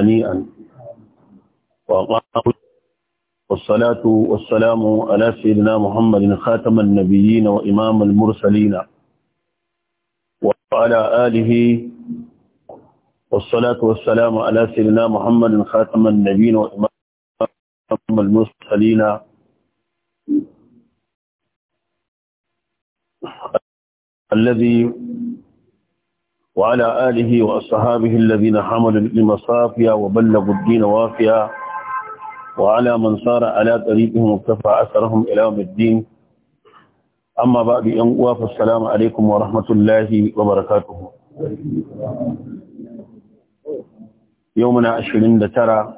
هنيئا والصلاة والسلام على سيدنا محمد خاتم النبيين وإمام المرسلين وعلى آله والصلاة والسلام على سيدنا محمد خاتم النبيين وإمام المرسلين الذي وعلى آله وأصحابه الذين حملوا الإلم صافيا وبلغوا الدين وافيا وعلى من صار على طريقهم وكفى أثرهم إلى يوم الدين أما بعد أنقوا فالسلام عليكم ورحمة الله وبركاته يومنا عشرين دترى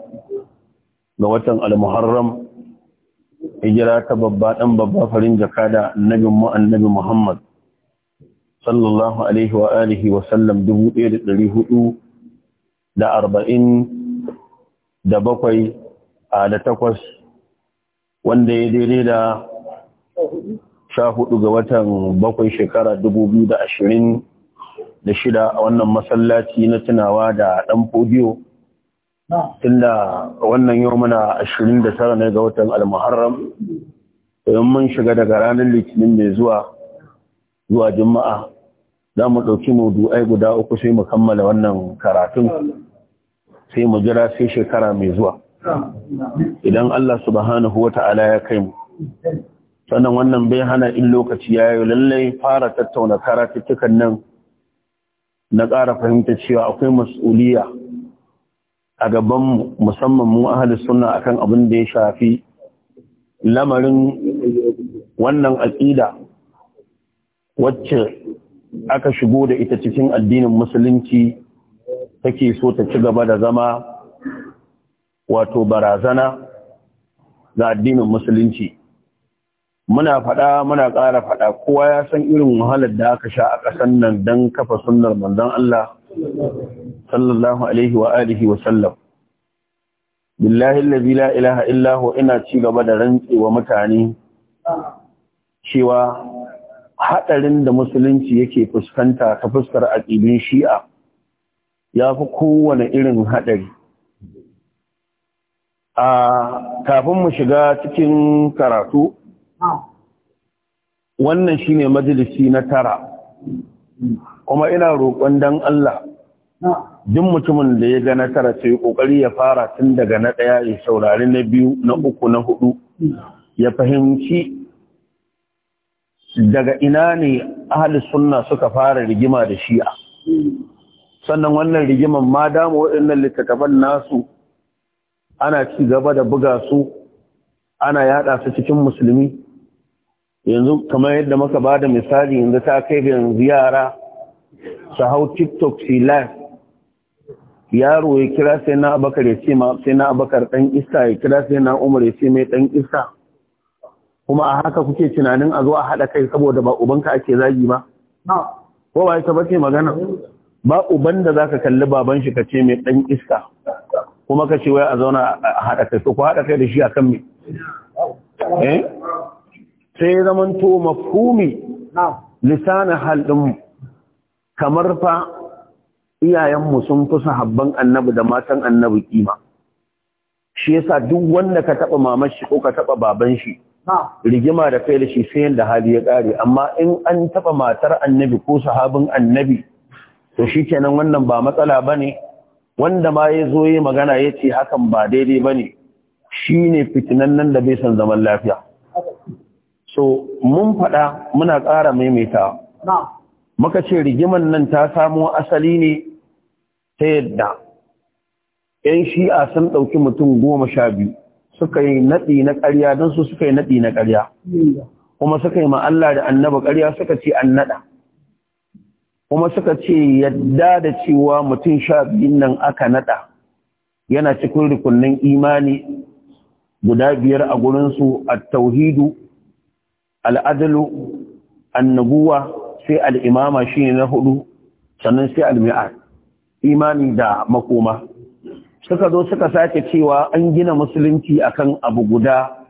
بوتن المحرم هجرة ببا أم ببا فرنجكادا النبي النبي محمد sallallahu alaihi wa alihi wa sallam bakwai a da takwas wanda ya daidai da sha hudu ga watan bakwai shekara dubu biyu da ashirin da shida a wannan masallaci na tunawa da ɗan fodiyo tunda wannan yau muna ashirin da tara ne ga watan almuharram in mun shiga daga ranar litinin mai zuwa zuwa juma'a za mu ɗauki maudu'ai guda uku sai mu kammala wannan karatun sai mu jira sai shekara mai zuwa idan Allah subhanahu wa ta'ala ya kai mu sannan wannan bai hana in lokaci ya yi lallai fara tattauna karatuttukan nan na ƙara fahimta cewa akwai mas'uliya a gaban musamman mu ahli sunna akan abin da ya shafi lamarin wannan aƙida wacce aka shigo da ita cikin addinin musulunci take so ta ci gaba da zama wato barazana ga addinin musulunci muna faɗa muna ƙara faɗa kowa ya san irin wahalar da aka sha a ƙasar nan don kafa sunnar manzon Allah sallallahu alaihi wa alihi wa sallam billahi allazi la ilaha illa huwa ina ci gaba da rantsewa mutane cewa haɗarin da musulunci yake fuskanta ta fuskar aƙibin shi'a ya fi kowane irin haɗari. A kafin mu shiga cikin karatu, wannan shi ne majalisi na tara, kuma ina roƙon dan Allah, duk mutumin da ya ga na tara sai ƙoƙari ya fara tun daga na ɗaya ya saurari na biyu, na uku, na hudu, ya fahimci daga ina ne ahalis sunna suka fara rigima da shi'a sannan wannan rigiman ma damu waɗannan littattafan nasu ana ci gaba da buga su ana yada su cikin musulmi yanzu kamar yadda muka ba da misali yanzu ta kai da yanzu yara su hau tiktok si live yaro ya kira sai na abakar ya ce ma sai na abakar dan isa ya kira sai na umar ya ce mai ɗan isa kuma a haka kuke tunanin a zo a haɗa kai saboda ba ubanka ake zagi ba ko ba ita magana ba uban da zaka kalli baban shi kace mai ɗan iska kuma ce wai a zauna a haɗa kai ko haɗa kai da shi akan me eh sai zaman to mafhumi lisanin hal din kamar fa iyayenmu sun fi habban annabi da matan annabi kima shi yasa duk wanda ka taba mamar shi ko ka taba baban shi rigima da kai da shi sai yanda hali ya ƙare. amma in an taɓa matar annabi ko sahabin annabi to shi shikenan wannan ba matsala ba ne. wanda ma ya zo yi magana ya ce hakan ba daidai ba ne. Shi ne fitinan nan da bai san zaman lafiya so mun faɗa muna ƙara maimaita muka ce rigiman nan ta samo asali ne ta yadda 'yan shi'a sun ɗauki mutum goma sha biyu suka yi naɗi na ƙarya don su suka yi naɗi na ƙarya kuma suka yi ma Allah da annaba ƙarya suka ce an naɗa kuma suka ce yadda da cewa mutum sha biyun nan aka naɗa. yana cikin rukunin imani guda biyar a gurinsu a tauhidu al'adalu annabuwa sai al'imama shi ne na hudu sannan sai al'imani da makoma suka zo suka sake cewa an gina musulunci akan abu guda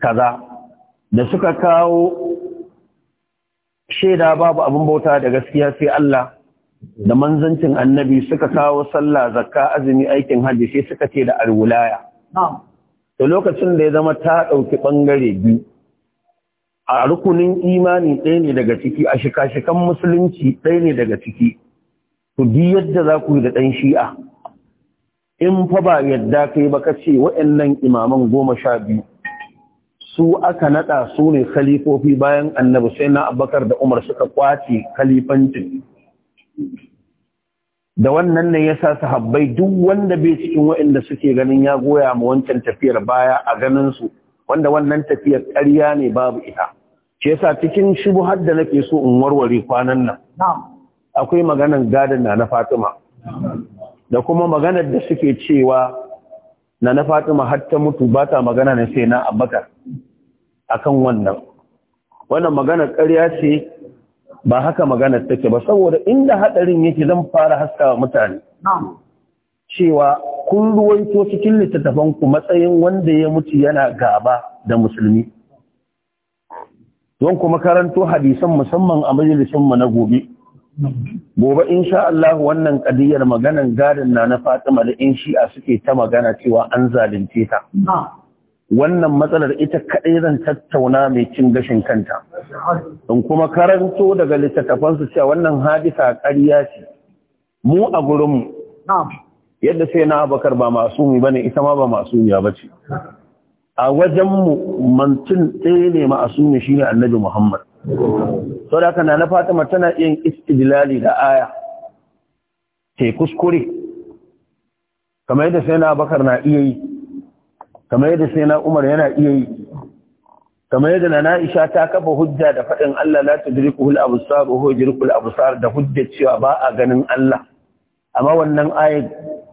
kaza da suka kawo shaida babu abin bauta da gaskiya sai Allah da manzancin annabi suka kawo sallah zakka azumi aikin hajji sai suka ce da alwulaya to lokacin da ya zama ta ɗauki ɓangare biyu a rukunin imani ɗaya ne daga ciki a shika-shikan musulunci ɗaya ne daga ciki to duk yadda za ku yi da ɗan shi'a in fa ba yadda kai ba kace wa'annan imaman goma sha biyu su aka nada su ne khalifofi bayan annabi sai na abakar da umar suka kwace khalifancin da wannan ne yasa sahabbai duk wanda bai cikin wa'anda suke ganin ya goya ma wancan tafiyar baya a ganin su wanda wannan tafiyar ƙarya ne babu ita shi yasa cikin har da nake so in warware kwanan nan akwai maganan gadan na na Fatima da kuma maganar da suke cewa na na Fatima har ta mutu ba ta magana ne sai na Abubakar akan wannan wannan maganar ƙarya ce ba haka maganar take ba saboda inda hadarin yake zan fara haskawa mutane cewa kun ruwaito cikin littattafan ku matsayin wanda ya mutu yana gaba da musulmi don kuma karanto hadisan musamman a majalisun mu na gobe gobe insha Allah wannan kadiyar maganan gadin na na Fatima da in shi'a suke ta magana cewa an zalunce ta wannan matsalar ita kadai zan tattauna mai cin gashin kanta in kuma karanto daga littattafansu cewa wannan hadisa ƙarya ce mu a gurinmu yadda sai na abakar ba masumi bane ita ma ba masumiya bace a wajen mu mantin ɗaya ne shi shine annabi Muhammad sau da na na fatima tana yin istidlali da aya Ke kuskure kamar yadda sai na bakar na iya yi kamar yadda sai na umar yana iya yi kamar yadda na Na'isha ta kafa hujja da faɗin Allah la tudrikuhul absar wa huwa abu absar da hujja cewa ba a ganin Allah amma wannan aya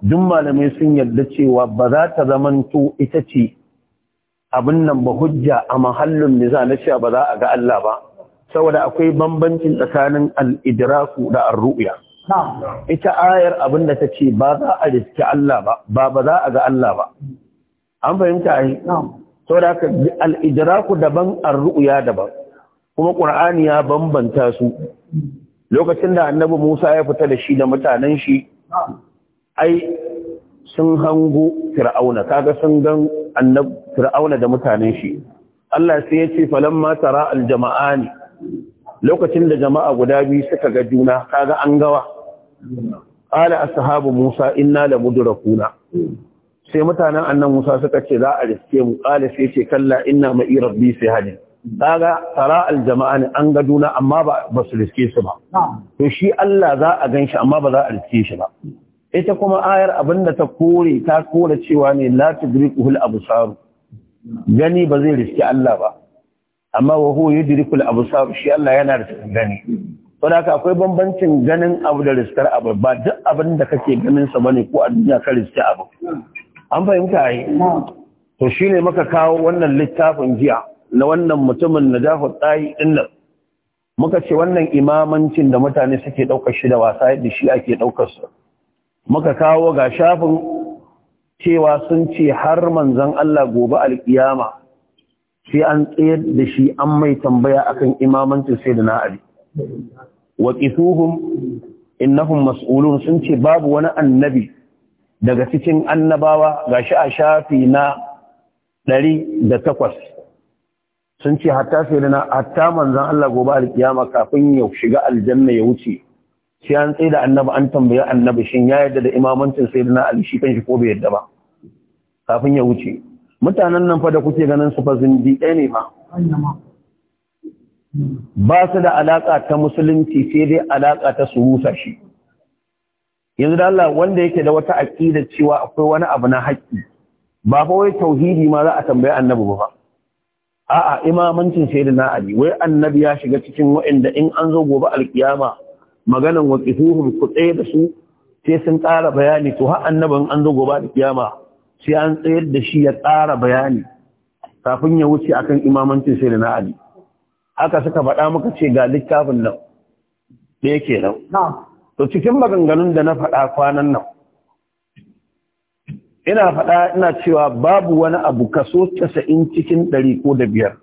duk malamai sun yarda cewa ba za ta zamanto ita ce abin nan ba hujja a mahallin da za na cewa ba za a ga Allah ba saboda akwai bambancin tsakanin al'idraku da arru'ya. Ita ayar abin da ta ce ba za a riski Allah ba, ba za a ga Allah ba. An fahimta yi? Saboda haka al'idraku daban arru'ya daban, kuma ƙur'ani ya bambanta su. Lokacin da annabi Musa ya fita da shi da mutanen shi, ai sun hango fir'auna, kaga sun gan annabi fir'auna da mutanen shi. Allah sai ya ce masara aljama'a ne. lokacin da jama'a guda biyu suka ga juna kaga an gawa ala ashabu musa inna la mudrakuna sai mutanen annan musa suka ce za a riske mu kala sai ce kalla inna ma'irar biyu sai hadin kaga tara al jama'a ne an ga juna amma ba su riske su ba to shi Allah za a ganshi amma ba za a riske shi ba ita kuma ayar abinda ta kore ta kore cewa ne la tudrikuhul absar gani ba zai riske Allah ba amma wa huwa yudrikul absar shi Allah yana da gani don haka akwai bambancin ganin abu da riskar abu ba duk abin da kake ganin sa bane ko a duniya ka riske abu an fahimta ai to shine maka kawo wannan littafin jiya na wannan mutumin Najafar Tsayi din nan muka ce wannan imamancin da mutane suke daukar shi da wasa yadda shi ake daukar sa muka kawo ga shafin cewa sun ce har manzon Allah gobe alkiyama Shi an tsayar da shi an mai tambaya akan imamancin sai da na'ari wa qisuhum innahum mas'ulun sun ce babu wani annabi daga cikin annabawa ga shi a shafi na ɗari da takwas sun ce hatta sai na hatta manzan Allah gobe alkiyama kafin ya shiga aljanna ya wuce Shi an tsaye da annabi an tambayi annabi shin ya yarda da imamancin sai na ali shi kanshi ko bai yarda ba kafin ya wuce mutanen nan fa da kuke ganin su fa ɗaya ne fa ba su da alaƙa ta musulunci sai dai alaƙa ta surusa shi yanzu da Allah wanda yake da wata aƙida cewa akwai wani abu na haƙƙi ba fa wai tauhidi ma za a tambaye annabi ba a'a imamancin sayyidina Ali wai annabi ya shiga cikin waɗanda in an zo gobe alkiyama maganan waqifuhum ku tsaye da su sai sun ƙara bayani to har annabin an zo gobe alkiyama sai an tsayar da shi ya tsara bayani kafin ya wuce akan imamancin sai da na Ali haka suka faɗa muka ce ga littafin nan da yake nan to cikin maganganun da na faɗa kwanan nan ina faɗa ina cewa babu wani abu kaso casa'in cikin ɗari ko da biyar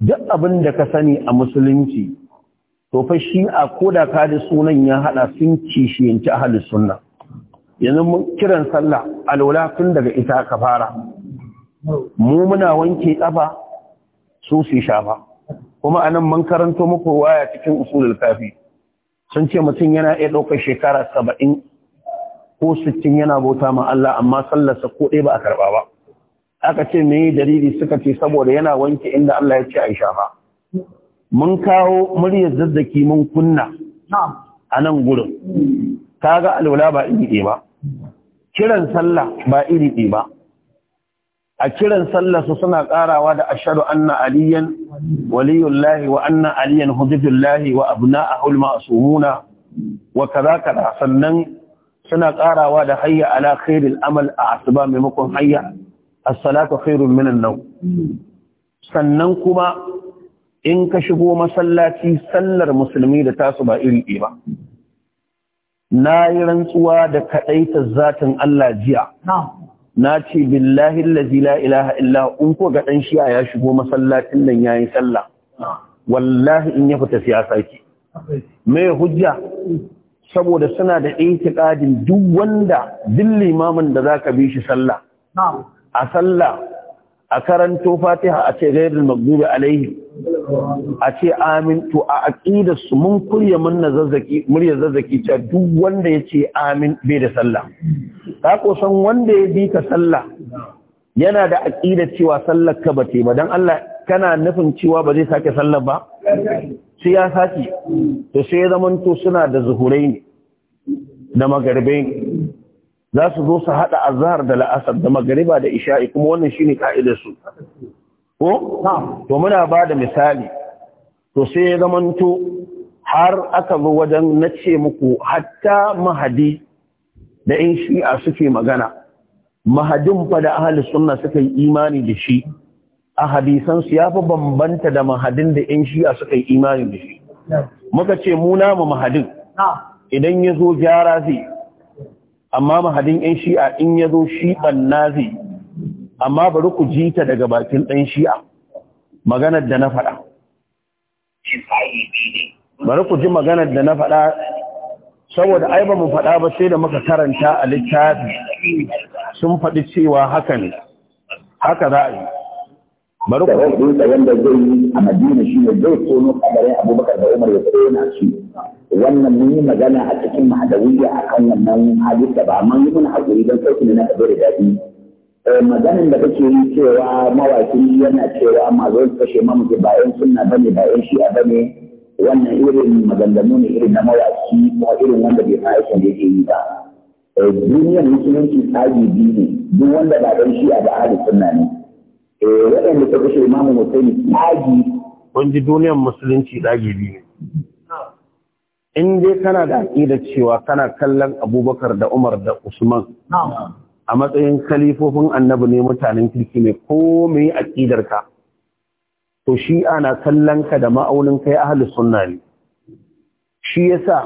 duk abin da ka sani a musulunci to fa shi a koda ka da sunan ya haɗa sun kishiyanci ahalin sunna yanzu mun kiran sallah alwala tun daga ita ka fara mu muna wanke kafa su su shafa kuma anan mun karanto muku waya cikin usulul kafi sun ce mutum yana iya ɗaukar shekara saba'in ko sittin yana bauta ma Allah amma sallar sa ko dai ba a karɓa ba aka ce me dalili suka ce saboda yana wanke inda Allah ya ce a shafa mun kawo muryar zazzaki mun kunna a nan gurin kaga alwala ba iri ba kiran sallah ba iri ɗi ba a kiran sallah su suna ƙarawa da ashadu anna aliyan waliyullahi wa anna aliyan hujjatullahi wa abna a hulma a sumuna wa kaza kaza sannan suna ƙarawa da hayya ala amal a asuba maimakon hayya as-salatu khairun nau sannan kuma in ka shigo masallaci sallar musulmi da tasu ba iri ɗi ba na yi rantsuwa da kaɗaita zatin Allah jiya na ce billahi allazi ilaha illa in ko ga ɗan shi'a ya shigo masallacin nan yayin sallah wallahi in ya fita siyasa ke. me hujja saboda suna da itiqadin duk wanda duk limamin da ka bi shi sallah a sallah a karanto fatiha a ce gairin magdubi alaihi a ce amin to a aƙida su mun kurya manna zazzaki murya zazzaki ta duk wanda ya ce amin bai da sallah ka wanda ya bi ka sallah yana da aƙida cewa sallar ka ba ba dan Allah kana nufin cewa ba zai sake sallar ba sai ya sake to sai ya zamanto suna da zuhurai ne da magarbai za su zo su haɗa azhar da la'asar da magariba da isha'i kuma wannan shine ka'idar su ko to muna ba da misali to sai ya zamanto har aka zo wajen na ce muku hatta mahadi da in shi'a suke magana mahadin fa da ahli sunna suka yi imani da shi a hadisan su yafi bambanta da mahadin da in shi'a suka yi imani da shi muka ce mu namu mahadin idan ya zo gyara zai amma mahadin yan shi'a in ya zo Shi'an Nazi, amma bari ku ji ta daga bakin ɗan shi'a maganar da na faɗa bari ku ji maganar da na faɗa saboda ai ba mu faɗa ba sai da muka karanta a littafi sun faɗi cewa haka ne haka za a yi bari ku wanda zai yi a madina shi ne zai tono yin abubakar da umar ya tsaye na shi wannan mun yi magana a cikin mahadawiyya a kan wannan hadisa ba man yi muna haƙuri don sauki ne na kabe da daɗi eh, maganin da kake yi cewa mawaƙi yana cewa mazo kashe mamuke bayan sunna ne bayan shi'a ne. wannan irin maganganu ne irin na mawaƙi ko irin wanda bai fa aikin da yake yi ba eh, duniyar musulunci tsari biyu ne duk wanda ba dan shi'a ba ahli sunna ne eh, waɗanda ta kashe imamu musulmi tsagi kun ji duniyar musulunci tsagi biyu ne in dai kana da aƙidar cewa kana kallon abubakar da umar da usman a matsayin kalifofin annabi ne mutanen kirki ne ko me aƙidar ka to shi ana kallon ka da ma'aunin kai ahli sunna ne shi yasa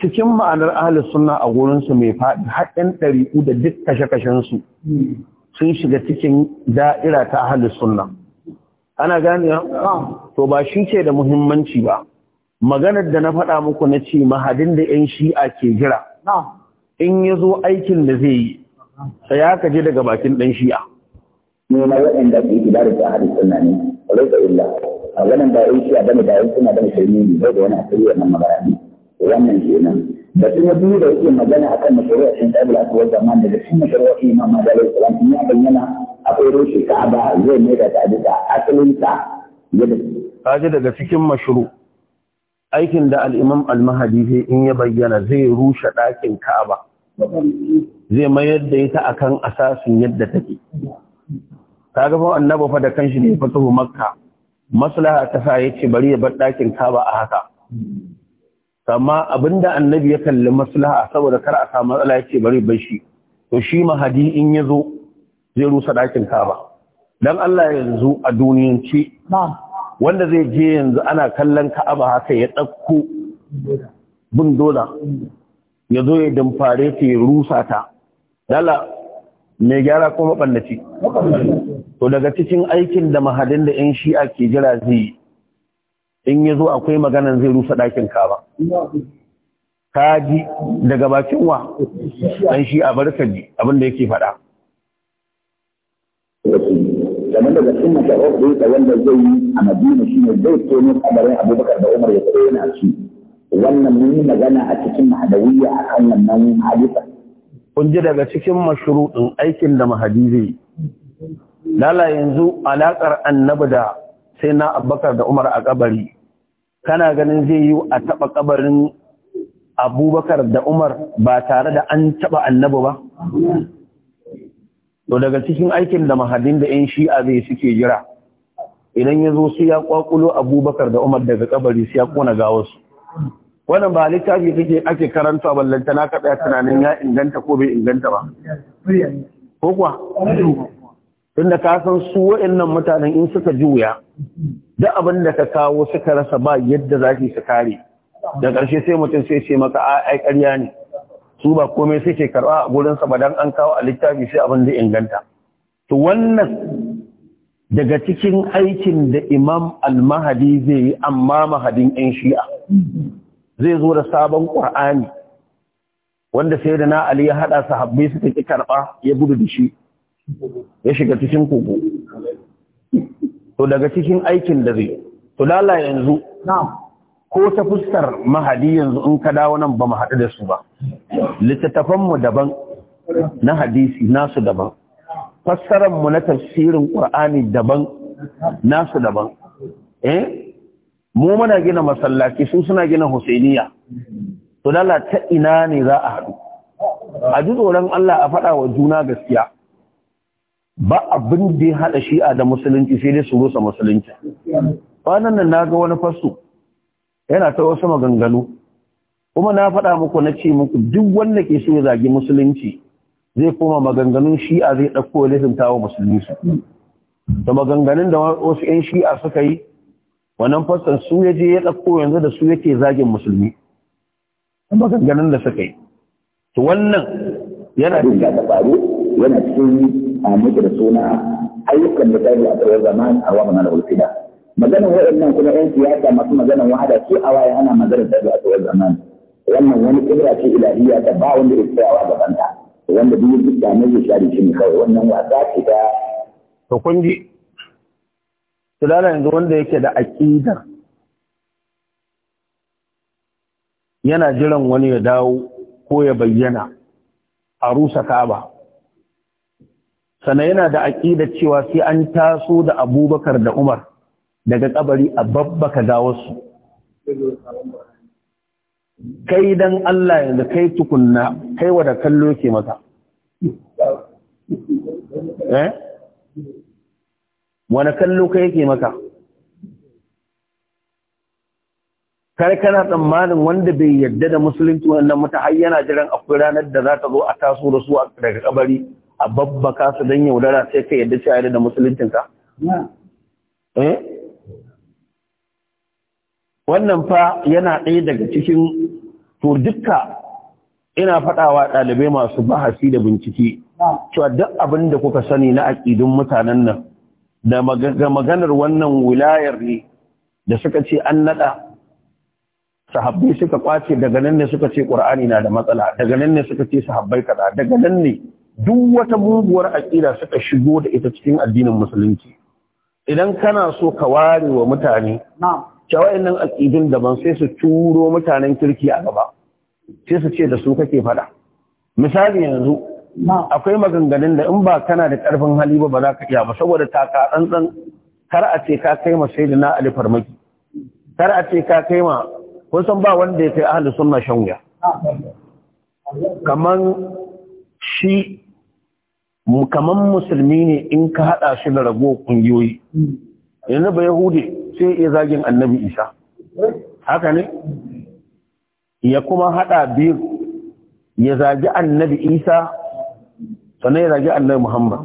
cikin ma'anar ahli sunna a gurin su mai faɗi haɗin ɗari'u da duk kashe-kashen su sun shiga cikin da'ira ta ahli sunna ana gane to ba shi ce da muhimmanci ba maganar da na faɗa muku na ce mahadin da 'yan shi'a ke jira in ya zo aikin da zai yi sai ya kaje daga bakin ɗan shi'a nema waɗanda ke gida da ta tsari suna ne rika illa a wannan ba yan shi'a bane da yan suna bane shirme ne bai da wani asiri wannan magana ne wannan nan. da kuma biyu da yake magana akan mashari'a shin da Allah ta wanda man da shin mashari'a Imam Ahmad alaihi salam abin yana akwai rushe ba zai mai da ta bisa asalin ta yadda kaje daga cikin mashru' aikin da al'imam al-mahadi in ya bayyana zai rushe ɗakin ka'aba zai mayar da ita akan asasin yadda take ta gaba annaba fa da kanshi ne fatahu makka maslaha ta sa ya ce bari ya bar ɗakin ka'aba a haka amma abinda annabi ya kalli maslaha saboda kar a samu matsala ce bari bar shi to shi mahadi in ya zo zai rusa ɗakin ka'aba dan Allah ya yanzu a duniyance wanda zai je yanzu ana kallon ka'aba haka ya ɗauko bin dola ya zo ya damfare ta ya rusa ta dala mai gyara kuma maɓallaci to daga cikin aikin da mahadin da 'yan shi'a ke jira zai in ya zo akwai maganan zai rusa ɗakin kaba ka ji daga bakin wa a shi'a ji abinda yake faɗa domin daga cikin masharar da yake wanda zai yi a madina shi ne zai tono kamarin abubakar da umar ya yana shi wannan mun yi magana a cikin mahadawiyya a kan wannan hadisa. kun ji daga cikin mashruɗin aikin da mahadi zai lala yanzu alaƙar annabi da sai na abubakar da umar a kabari kana ganin zai yi a taɓa kabarin abubakar da umar ba tare da an taɓa annabi ba to daga cikin aikin da mahadin da 'yan shi'a zai suke jira idan ya zo su ya kwakulo abubakar da umar daga kabari su ya kona gawarsu wannan ba littafi kake ake karanta ballanta na kaɗa tunanin ya inganta ko bai inganta ba ko kuwa tunda ka san su waɗannan mutanen in suka juya Da abin da ka kawo suka rasa ba yadda za su kare da ƙarshe sai mutum sai ce maka ai ƙarya ne su ba komai sai ke karɓa a gurinsa ba don an kawo a littafi sai abin da inganta to wannan daga cikin aikin da imam al-mahadi zai yi amma mahadin 'yan shi'a zai zo da sabon ƙwar'ani wanda sai da na'ali ya haɗa sahabbai suka ƙi karɓa ya gudu da shi ya shiga cikin kogo to daga cikin aikin da zai to lala yanzu ko ta fuskar mahadi yanzu in ka dawo nan ba mu haɗu da su ba littattafanmu daban na hadisi nasu daban fassararmu na tafsirin ƙur'ani daban nasu daban eh mu muna gina masallaci su suna gina husainiya to ta ina ne za a haɗu a ji tsoron Allah a faɗa wa juna gaskiya ba abin da ya haɗa shi'a da musulunci sai dai su rusa musulunci kwanan nan na ga wani fasu yana ta wasu maganganu kuma na faɗa muku na ce muku duk wanda ke so ya zagi musulunci zai koma maganganun shi'a zai ɗauko ya lizinta tawo musulmi su da maganganun da wasu 'yan shi'a suka yi wannan fassan su ya je ya ɗauko yanzu da su yake zagin musulmi da maganganun da suka yi to wannan yana da ga dabaru yana cikin a muke da suna ayyukan da ta yi a tsawon zaman a wa mana da maganar waɗannan kuma yan siyasa masu maganar wahada su a waye ana maganar da a tsawon zaman wannan wani kibra ce ilahiyya da ba wanda ya tsayawa banta wanda duk duk da ya share shi ne kawai wannan wasa ce ta to kun ji tulala yanzu wanda yake da aqida yana jiran wani ya dawo ko ya bayyana a rusa kaba sana yana da aƙidar cewa sai an taso da abubakar da umar daga kabari a babba ka dawo su. kai dan Allah yanzu kai tukunna kai wa da kallo ke maka eh kallo kai ke maka kar tsammanin wanda bai yarda da musulunci wannan mata har yana jiran akwai ranar da za ta zo a taso da su daga kabari a babbaka su don yaudara sai ka yadda cewa da musuluncin ka eh wannan fa yana ɗaya daga cikin to dukka ina faɗawa ɗalibai masu bahasi da bincike cewa duk abin da kuka sani na aƙidun mutanen nan da maganar wannan wilayar ne da suka ce an naɗa sahabbai suka kwace daga nan ne suka ce ƙur'ani na da matsala daga nan ne suka ce sahabbai kaza daga nan ne duk wata muguwar aƙida suka shigo da ita cikin addinin musulunci idan kana so ka ware wa mutane cewa nan da ban sai su turo mutanen kirki a gaba sai su ce da su kake faɗa misali yanzu akwai maganganun da in ba kana da karfin hali ba ba za ka iya ba saboda ta taka tsantsan kar a ce ka kai ma sai na ali farmaki kar a ce ka kai ma kun san ba wanda ya kai ahli sunna shan wuya kaman shi kaman musulmi ne in ka haɗa shi da rago kungiyoyi yanzu ba yahudi sai iya zagin annabi isa haka ne ya kuma hada biyu ya zagi annabi isa sannan ya zagi annabi muhammad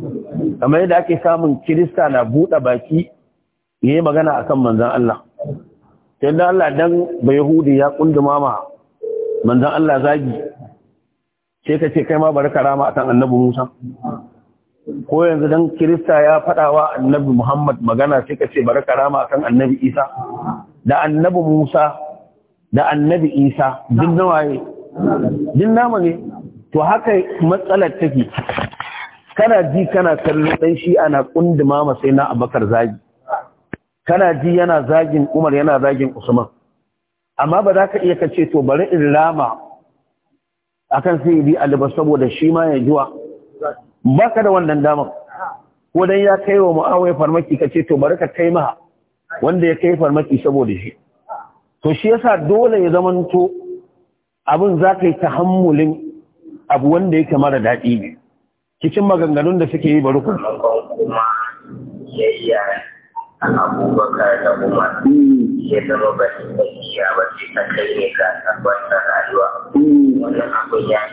kamar yadda ake samun kirista na buɗe baki ya yi magana a kan manzan Allah sai da Allah dan ba hudu ya kunduma ma manzan Allah zagi sai ka ce kai ma bari karama kan annabi musa ko yanzu don kirista ya faɗawa annabi muhammad magana sai ka ce bari karama kan annabi isa da annabi musa da annabi isa duk nama ne to haka matsalar take kana ji kana kallon dan shi ana kunduma ma sai na abakar zagi kana ji yana zagin umar yana zagin usman amma ba za ka iya kace to bari in rama akan sai bi alba saboda shi ma ya jiwa ba ka da wannan damar ko dan ya kai wa mu'awai farmaki ka ce to bari ka kai maha wanda ya kai farmaki saboda shi to shi yasa dole ya zamanto abin za ka yi tahammulin abu wanda yake mara daɗi ne kicin maganganun da suke yi bari ku abubakar da umar ya zama ba shi ta kai ne ga rayuwa wannan abu ya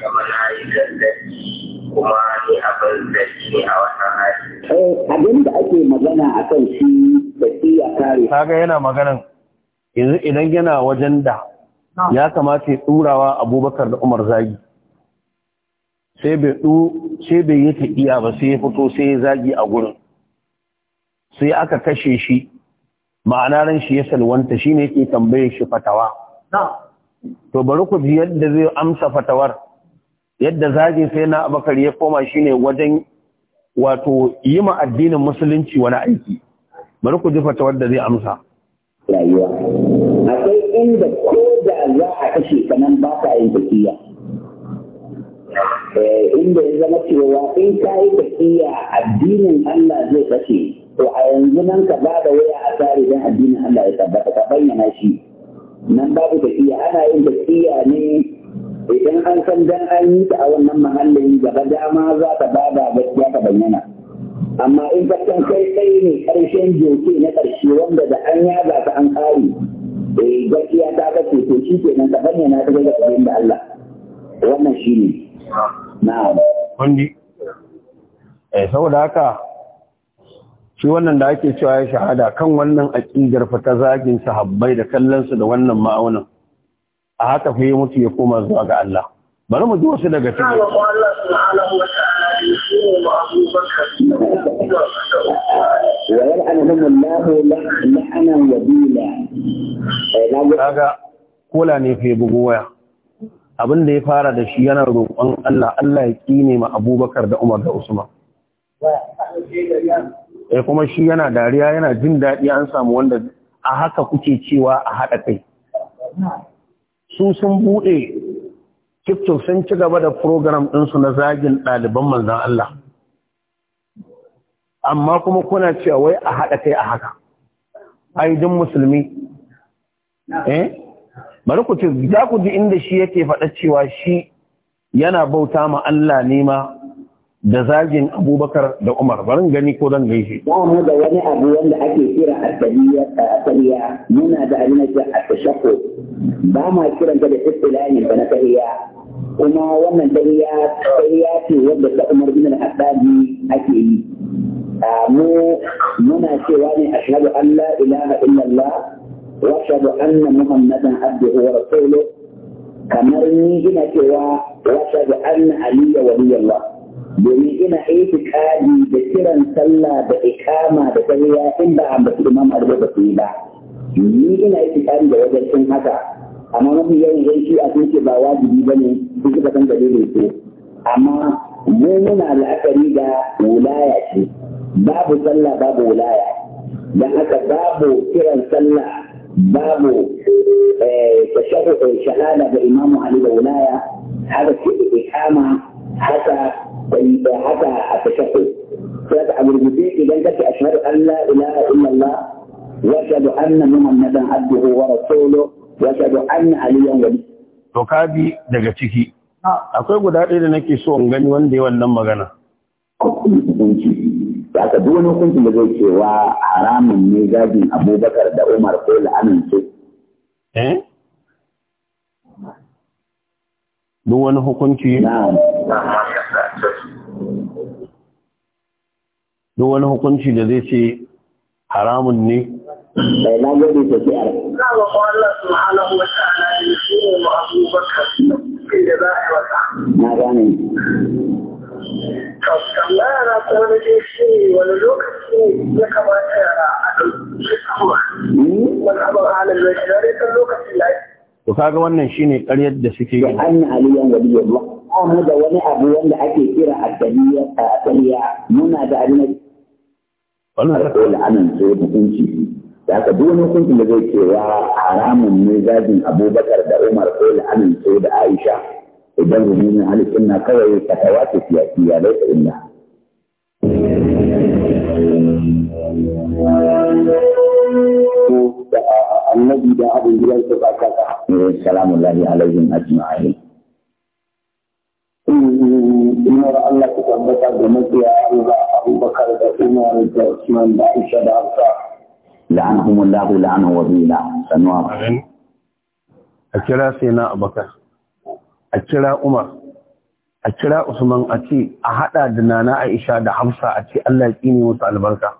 kaga yana maganan yanzu idan yana wajen da ya kamata ya ɗurawa abubakar da umar zagi sai bai ɗu sai bai yi tafiya ba sai ya fito sai ya zagi a gurin sai aka kashe shi ma'ana ran shi ya salwanta shi ne yake tambaye shi fatawa to bari ku ji yadda zai amsa fatawar yadda zagi sai na abakar ya koma shine wajen wato yi ma addinin musulunci wani aiki bari ku jifa ta wadda zai amsa rayuwa akwai inda ko da za a kashe nan ba ka yin tafiya eh, inda ya zama cewa in ka yi tafiya addinin Allah zai kashe to a yanzu nan ka ba da waya a tsari don addinin Allah ya tabbata ka bayyana shi nan babu tafiya ana yin tafiya ne idan an san dan an yi ta a wannan mahallin gaba dama za ta bada gaskiya ta bayyana amma in ka san kai kai ne ƙarshen joke na ƙarshe wanda da an za ka an ƙare eh gaskiya ta ga ce to shi ke nan ka fanne na ta ga kudin da Allah wannan shi ne na'am kundi eh saboda haka shi wannan da ake cewa ya shahada kan wannan aqidar fa ta zagin sahabbai da kallon su da wannan ma'aunin a haka fa yi mutu ya koma zuwa ga Allah bari mu ji wasu daga cikin kaga kola ne fa bugu waya abin da ya fara da shi yana roƙon Allah Allah ya kine ma Abubakar da Umar da Usman E, kuma shi yana dariya yana jin daɗi an samu wanda a haka kuke cewa a haɗa kai su sun buɗe TikTok sun ci gaba da program ɗinsu na zagin ɗaliban manzan Allah. Amma kuma kuna cewa wai a haɗa kai a haka. Aidin musulmi. Eh? Bari ku ce, za ku ji inda shi yake faɗa cewa shi yana bauta ma Allah nema da zagin abubakar da umar barin gani ko don gaishe. Ba mu da wani abu wanda ake kira asaliya muna da abin a tashakko ba ma kiranta da istilahin ba na tahiya kuma wannan tariya tariya ce wadda ta umar bin al-haddadi ake yi mu muna cewa ne ashhadu an la ilaha illallah wa ashhadu anna muhammadan abduhu wa rasuluh kamar ni ina cewa wa ashhadu anna aliyya waliyallah domin ina itikadi da kiran sallah da ikama da tariya in ba an basu imam arba ba su yi ba ni ina itikadi da wajen haka amma mafi yawan gaishe a sun ce ba wajibi ba ne sun suka san dalilin su amma mu muna la'akari da wulaya ce babu sallah babu wulaya don haka babu kiran sallah babu shahada da imamu ali da wulaya haka ce ikama haka haka a tashahu sai ka agurguje idan kake ashhadu an la ilaha illallah واشهد ان محمدا عبده ورسوله wa shaɗu an aliyan wali. To ka bi daga ciki. Akwai guda ɗaya da nake so in gani wanda ya wannan magana. Kokun hukunci. Da aka duk wani hukuncin da zai cewa haramun ne gajin Abubakar da Umar ko la'anin su. Eh? Duk wani hukunci? Duk wani hukunci da zai ce haramun ne لا يجب تسيئة لا وقال الله سبحانه وتعالى يسير وأبو بكر في الذبائح والأحمد ما يعني طب كما أنا أقول لك شيء ولدوك شيء لك ما ترى والأمر على البشر يتلوك في To kaga wannan shine ƙaryar da suke yi. Anna aliyan wa biyu Allah. Amma da wani abu wanda ake kira addaliya a addaliya muna da abin wannan ta la'anan zo da kunci. da haka duk wani hukuncin da zai ce ya haramun ne zagin abubakar da umar ko da amince da aisha idan rumunin halittun na kawai ta fatawa ta siyasiya laisa illa annabi da abin gidan su ba kaka. Eh salamu alaihi alaihim ajma'in. Umar Allah ta tabbata da mutiya Abu Bakar da Umar da Usman da Aisha da Hafsa. la'anahumullahu la'anahu wa bila sanuwa a kira sai na abakar umar a usman a ce a hada da nana aisha da hafsa a ce allah tsine musu albarka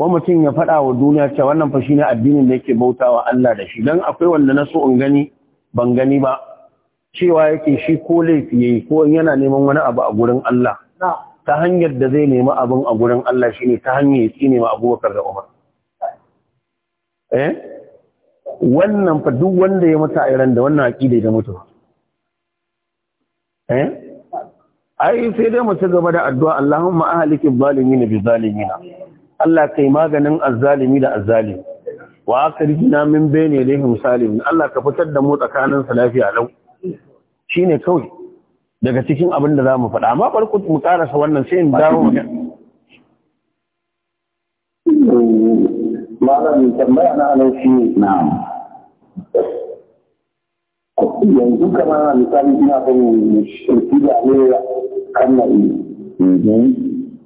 ko mutum ya faɗawa wa duniya cewa wannan fa shine addinin da yake bautawa allah da shi dan akwai wanda na so in gani ban gani ba cewa yake shi ko laifi yayi ko in yana neman wani abu a gurin allah ta hanyar da zai nemi abin a gurin allah shine ta hanyar ya tsine ma abubakar da umar eh wannan fa duk wanda ya mutu a Iran da wannan aqida ya mutu eh ai sai dai mu ci gaba da addu'a Allahumma ahliki zalimin bi zalimin Allah kai maganin azzalimi da azzalimi wa akhrijna min bayni lahum salimin Allah ka fitar da mu tsakanin sa lafiya lau shine kawai daga cikin abin da zamu faɗa amma barku mu karasa wannan sai in dawo malam tambaya na anan shi na'am yanzu kamar misali ina son shi. da ne kan na mhm.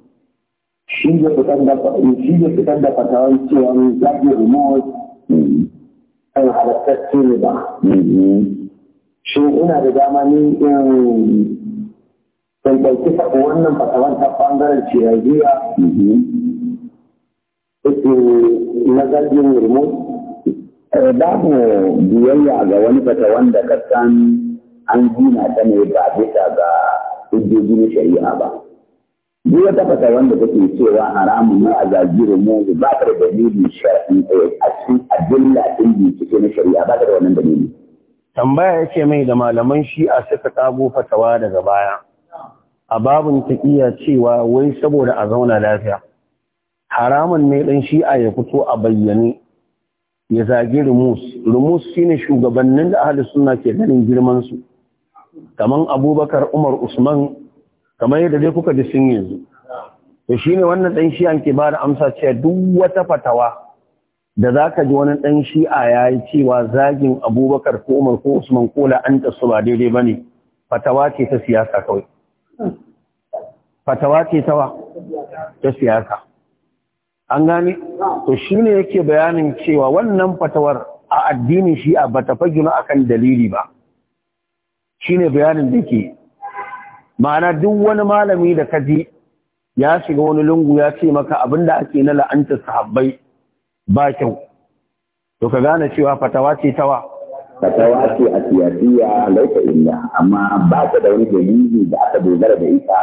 shi da fitar da shi da fitar da fatawar cewa zage remote kan mhm. halattacce ne ba mhm. shi ina da dama ni in ɗauki wannan fatawar ta ɓangaren ciyayya nazarjin murmu eh, babu biyayya ga wani fata wanda ka san an gina ta ne ba bisa ga hujjoji shari'a ba duk wata fata wanda take cewa haramun na a zagiru mu ba ta da dalili eh, a cikin adilla din bincike na shari'a ba ta da wannan dalili tambaya yake mai da malaman a suka kago fatawa daga baya a ta iya cewa wai saboda a zauna lafiya haramun ne ɗan shi'a ya fito a bayyane ya zagi rumus rumus shine shugabannin da ahli sunna ke ganin girman su kaman abubakar umar usman kamar yadda dai kuka ji sun yanzu to shine wannan ɗan shi'a ke bada amsa cewa duk wata fatawa da zaka ji wani ɗan shi'a ya yi cewa zagin abubakar ko umar ko usman ko la'anta su ba daidai ba ne fatawa ce ta siyasa kawai fatawa ce ta siyasa an gane to shi shine yake bayanin cewa wannan fatawar a addinin shi'a bata fagina akan dalili ba Shi ne bayanin da ke, ma'ana duk wani malami da kaji ya shiga wani lungu ya ce maka abinda ake na la'anta sahabbai ba kyau to ka gane cewa fatawa ce tawa fatawa ce a siyasiya laika illa amma ba ta da wani dalili da aka dogara da ita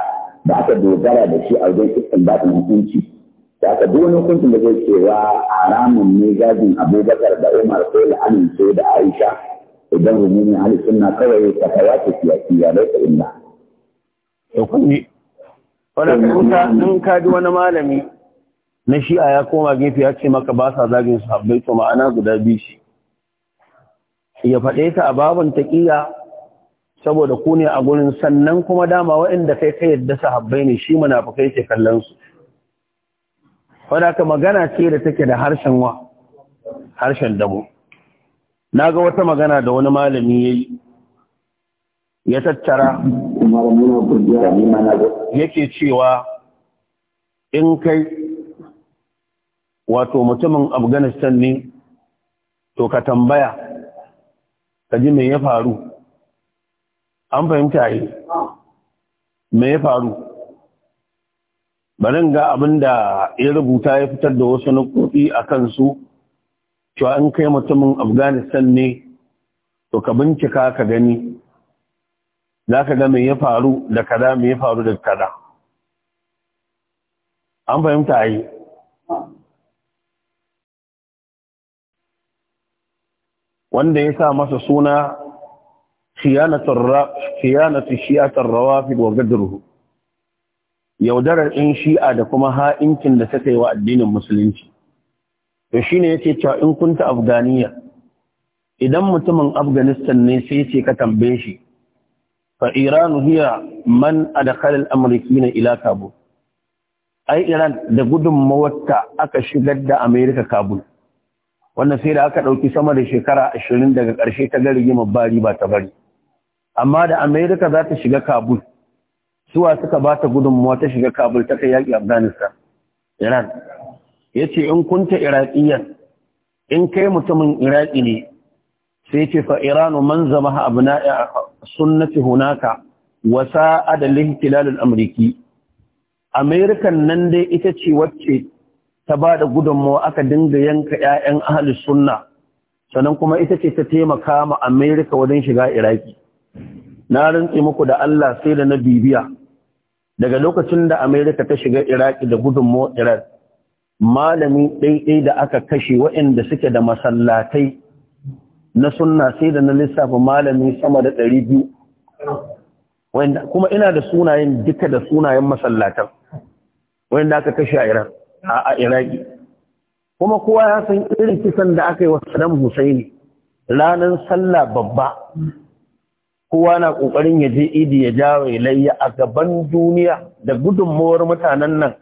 ba aka dogara da shi a wajen istinbatin hukunci da aka duk wani hukuncin da zai cewa haramun ne gadin abubakar da umar ko la'anin amince da aisha idan rumuni hali suna kawai ta kawo ta siyasi ya rai ta kusa in ka ji wani malami na shi'a ya koma gefe ya ce maka ba sa zagin sahabbai to ma'ana guda biyu shi. Ya faɗe ta a babin ƙiya saboda ku ne a gurin sannan kuma dama waɗanda kai ka yadda sahabbai ne shi munafukai ke kallon su. wadaka magana ce da take da harshen wa harshen dabo na ga wata magana da wani malami ya yi ya tattara yake cewa in kai wato mutumin afghanistan ne to ka tambaya ka ji me ya faru an fahimta yi me ya faru barin ga abin da ya rubuta ya fitar da wasu nukofi a kansu cewa in kai mutumin afghanistan ne to ka bincika ka gani za ka ga mai ya faru da kada mai ya faru da kada an fahimta yi wanda ya sa masa suna khiyanatu shi'atar rawafi wa gadruhu yaudarar in shi'a da kuma hainkin da suka yi wa addinin musulunci to shine yace cewa in kunta afganiya idan mutumin afganistan ne sai ce ka tambaye shi fa iran hiya man adkhala al na ila kabul ai iran da gudunmawarta aka shigar da Amerika kabul wannan sai da aka ɗauki sama da shekara ashirin daga ƙarshe ta gari rigimar bari ba ta bari amma da Amerika za ta shiga kabul suwa suka ba ta gudunmuwa ta shiga kabul ta kai yaƙi afghanistan iran ya ce in kunta iraƙiyan in kai mutumin iraƙi ne sai ce fa iranu man zama ha abu na'a sunnati hunaka wasa adalin tilalin amuriki. amerikan nan dai ita ce wacce ta ba da gudunmawa aka dinga yanka 'ya'yan ahalus sunna sannan kuma ita ce ta taimaka ma amerika wajen shiga iraki na rantse muku da Allah sai da na bibiya daga lokacin da Amerika ta shiga Iraki da gudunmu Iraq malami ɗaiɗai da aka kashe waɗanda suke da masallatai na sunna sai da na lissafa malami sama da ɗari biyu kuma ina da sunayen duka da sunayen masallatan wanda aka kashe a Iraki kuma kowa ya san irin kisan da aka yi wa Saddam Hussein ranar sallah babba kowa na ƙoƙarin ya je idi ya jawo layya a gaban duniya da gudunmawar mutanen nan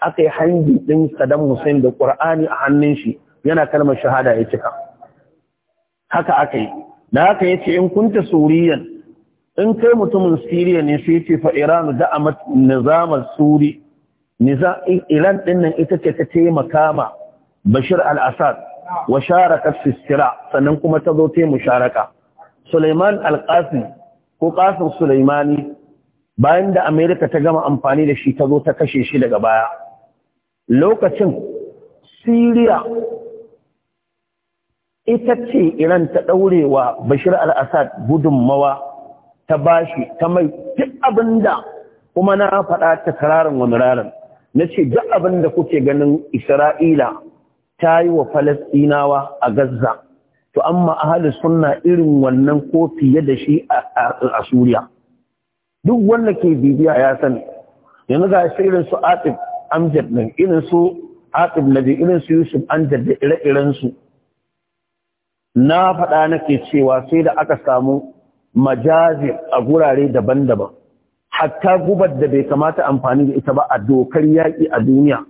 aka yi hangi ɗin Saddam Hussein da Ƙur'ani a hannun shi yana kalmar shahada ya cika. Haka aka yi, da haka ya ce in kunta Suriyan, in kai mutumin Siriya ne sai ce fa Iran da a nizamar Suri, Iran ɗin nan ita ce ta taimaka ma Bashir al-Assad wa sharaka fi sannan kuma ta zo taimu musharaka. Suleiman Al-Qasim ko Qasim Suleimani bayan da Amerika ta gama amfani da shi ta zo ta kashe shi daga baya lokacin Siriya ita ce Iran ta daure wa Bashir al-Assad gudunmawa ta bashi ta mai duk abinda kuma na faɗa ta kararin wani ranar na ce duk abinda kuke ganin Isra'ila ta yi wa Falasɗinawa a Gaza to amma ahli sunna irin wannan ko fiye da shi a Suriya duk wanda ke bibiya ya sani yanzu ga irin su Atif Amjad din irin su Atif Nabi irin su Yusuf Amjad da ire-iren su na faɗa nake cewa sai da aka samu majazi a gurare daban-daban hatta gubar da bai kamata amfani da ita ba a dokar yaƙi a duniya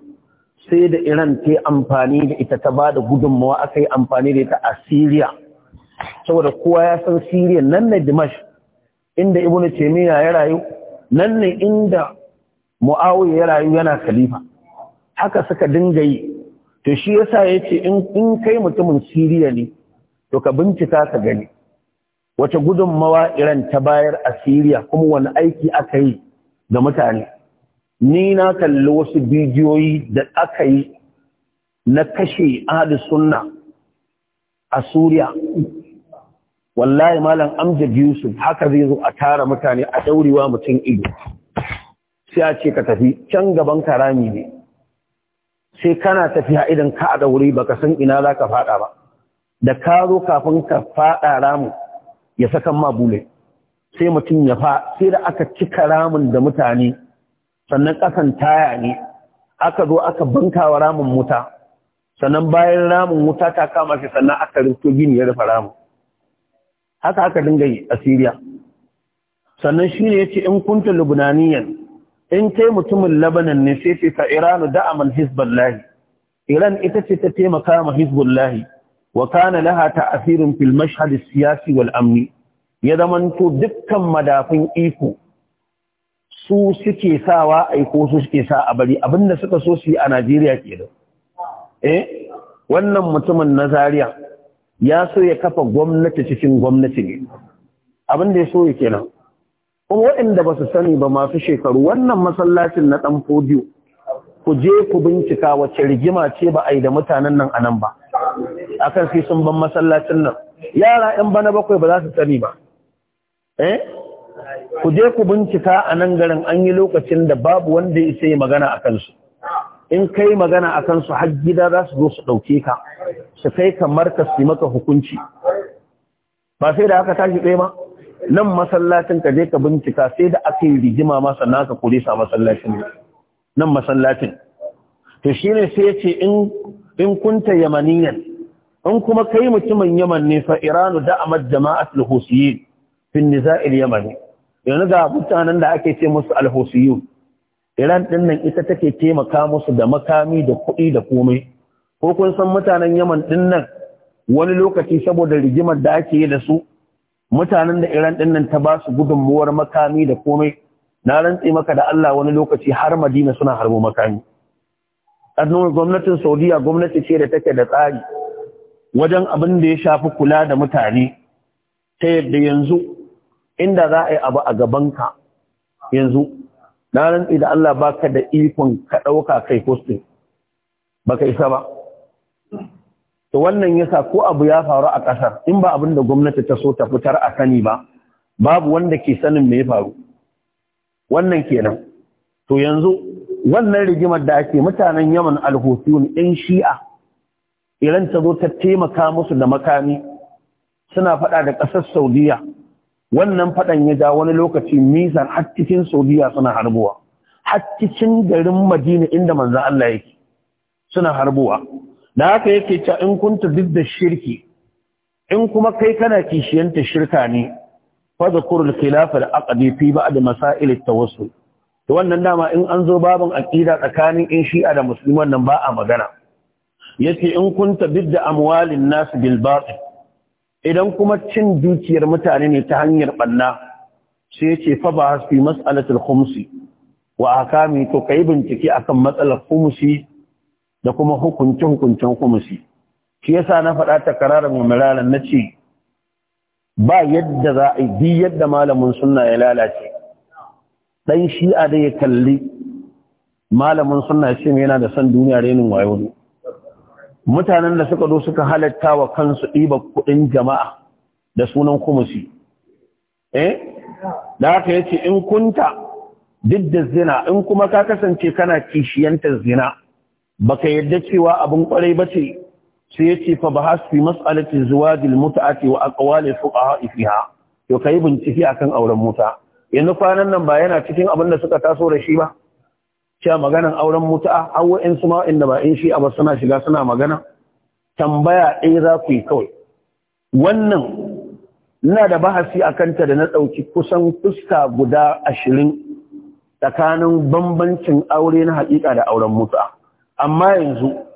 sai da Iran ta amfani da ita ta ba da gudunmawa aka yi amfani da ita a Syria saboda kowa ya san Syria nan ne Dimash inda Ibn Taymiyyah ya rayu nan ne inda Muawiya ya rayu yana khalifa haka suka dinga yi to shi yasa yace in in kai mutumin Syria ne to ka bincika ka gani wace gudunmawa Iran ta bayar a Syria kuma wani aiki aka yi ga mutane ni na kalli wasu bidiyoyi da aka yi na kashe ahli sunna a Suriya wallahi malam amjad yusuf haka zai zo a tara mutane a daurewa mutum ido sai a ce ka tafi can gaban karami ne sai kana tafiya idan ka a daure baka san ina za ka fada ba da ka zo kafin ka fada ramu ya sakan ma bule sai mutum ya fa sai da aka cika ramin da mutane sannan ƙasan taya ne aka zo aka banka wa ramin wuta sannan bayan ramin wuta ta kama shi sannan aka rufto gini ya rufe ramin haka aka dinga yi a Siriya sannan shi ne ya ce in kunta lubnaniyan in kai mutumin labanan ne sai ce fa iranu da'aman hizballahi iran ita ce ta taimaka ma hizballahi wa kana laha ta'asirin fil mashhad siyasi wal amni ya zamanto dukkan madafin iko su suke sawa a yi ko su suke sa a bari abinda suka so su yi a najeriya ke da eh wannan mutumin na Zariya ya so ya kafa gwamnati cikin gwamnati ne abinda ya so ya kenan kuma waɗanda ba su sani ba masu shekaru wannan masallacin na ɗan fodiyo ku je ku bincika wacce rigima ce ba a yi da mutanen nan a nan ba akan sai sun ban masallacin nan yara 'yan bana bakwai ba za su sani ba eh ku je ku bincika a nan garin an yi lokacin da babu wanda ya yi magana a kansu in ka yi magana a kansu har gida za su zo su ɗauke ka su kai kamar ka su maka hukunci ba sai da haka tashi tsaye ma nan masallacin ka je ka bincika sai da aka yi rigima ma sannan ka kore sa masallacin nan masallacin to shi ne sai ya ce in kunta yamaniyan in kuma kai mutumin yaman ne fa da da'amat jama'at al-husiyin fi an al-yamani yanzu ga mutanen da ake ce musu alhosiyu iran din nan ita take taimaka musu da makami da kuɗi da komai ko kun san mutanen yaman din nan wani lokaci saboda rigimar da ake yi da su mutanen da iran din nan ta ba su gudunmuwar makami da komai na rantse maka da allah wani lokaci har madina suna harbo makami annon gwamnatin saudiya gwamnati ce da take da tsari wajen abin da ya shafi kula da mutane ta yadda yanzu inda za a yi abu a gabanka yanzu na ran da Allah baka da ikon ka ɗauka kai postin baka isa ba to wannan yasa ko abu ya faru a ƙasar in ba abin da gwamnati ta so ta fitar a sani ba babu wanda ke sanin me ya faru wannan kenan to yanzu wannan rigimar da ake mutanen yaman alhutun ɗin shi'a iran ta zo ta taimaka musu da makami suna faɗa da ƙasar Saudiyya. wannan faɗan ya ja wani lokaci misan har cikin saudiya suna harbuwa har cikin garin madina inda manzo Allah yake suna harbuwa da haka yake cewa in kun duk da shirki in kuma kai kana kishiyanta shirka ne fa zakurul khilaf al aqdi fi ba'd masail al tawassul to wannan dama in an zo babin aqida tsakanin in shi'a da musulman nan ba a magana yace in kun ta bidda amwalin nas bil batil idan kuma cin dukiyar mutane ne ta hanyar banna sai ya ce fa ba fi mas'alatul khumsi wa akami to kai bincike akan matsalar khumsi da kuma hukuncin hukuncin khumsi shi yasa na faɗa ta kararin mulalan na ce ba yadda za a bi yadda malamin sunna ya lalace dan shi'a da ya kalli malamin sunna shi yana da son duniya renin wayo ne mutanen da suka zo suka halatta wa kansu ɗiba kuɗin jama'a da sunan kumusi eh da haka yace in kunta duk da zina in kuma ka kasance kana kishiyanta zina baka yadda cewa abin kwarai ce. sai ya ce fa ba bahas fi mas'alati zuwajil mut'ati wa aqwali fuqaha fiha to kai bincike akan auren muta yanzu kwanan nan ba yana cikin abin da suka taso da shi ba cewa maganan auren mutu'a har wa'in su wa'anda ba in shi a suna shiga suna magana tambaya ɗaya za ku yi kawai wannan ina da bahasi a kanta da na ɗauki kusan fuska guda ashirin tsakanin bambancin aure na haƙiƙa da auren mutu'a amma yanzu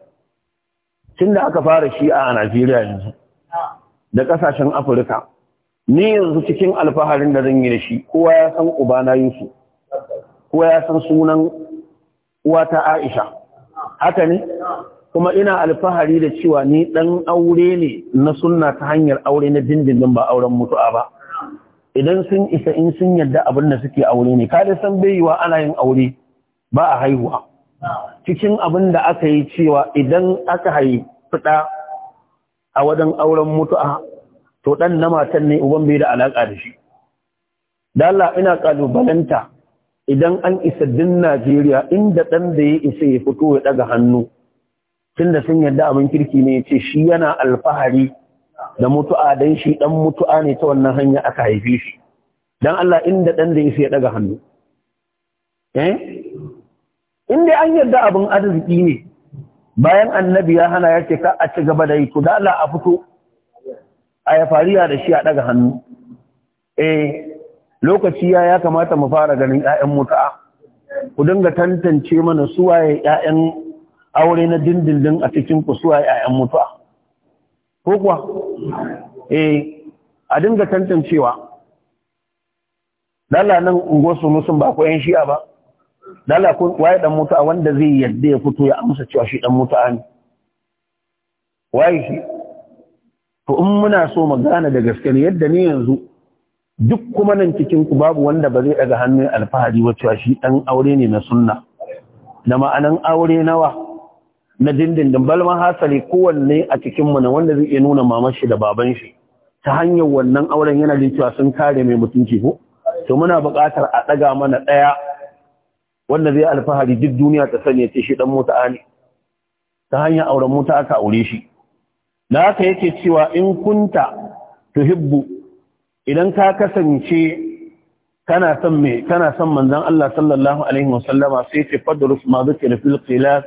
tun da aka fara shi a Najeriya yanzu da ƙasashen Afirka ni yanzu cikin alfaharin da zan yi da shi kowa ya san ubana Yusuf kowa ya san sunan uwata Aisha haka ne kuma ina alfahari da cewa ni ɗan aure ne na sunna ta hanyar aure na dindindin ba auren mutu'a ba idan sun isa in sun yadda abin da suke aure ne kada san baiwa ana yin aure ba a haihuwa cikin abin da aka yi cewa idan aka haifi fita a wajen auren mutu'a to ɗan na matan ne uban bai da alaka da shi da Allah ina kalubalanta idan an isa din Najeriya inda ɗan da ya isa ya fito ya ɗaga hannu tun da sun yarda abin kirki ne ya ce shi yana alfahari da mutu'a don shi ɗan mutu'a ne ta wannan hanya aka haife shi don Allah inda ɗan da ya isa ya ɗaga hannu eh in an yarda abin arziki ne bayan annabi ya hana ya ce ka a ci gaba da yi to da Allah a fito a ya fariya da shi a ɗaga hannu eh lokaci ya ya kamata mu fara ganin ƴaƴan mutu'a ku dinga tantance mana suwaye ƴaƴan aure na dindindin a cikin ku suwaye ƴaƴan mutu'a ko kuwa eh a dinga tantancewa dala nan ungo su musun ba ku ƴan shi'a ba dala ku waye dan mutu'a wanda zai yadda ya fito ya amsa cewa shi dan mutu'a ne waye shi to in muna so mu gane da gaske ne yadda ne yanzu duk kuma nan cikin ku babu wanda ba zai daga hannun alfahari ba shi dan aure ne na sunna da ma'anan aure nawa na dindindin balma hasali kowanne a cikinmu na wanda zai iya nuna maman shi da baban shi ta hanyar wannan auren yana da cewa sun kare mai mutunci ko to muna buƙatar a ɗaga mana ɗaya. wanda zai alfahari duk duniya ta sanya ce shi dan mota ne ta hanyar auren mota aka aure shi da haka yake cewa in kunta tuhibbu idan ka kasance kana son me kana son manzon Allah sallallahu alaihi wasallama sai ce fadrus ma zikra fil khilaf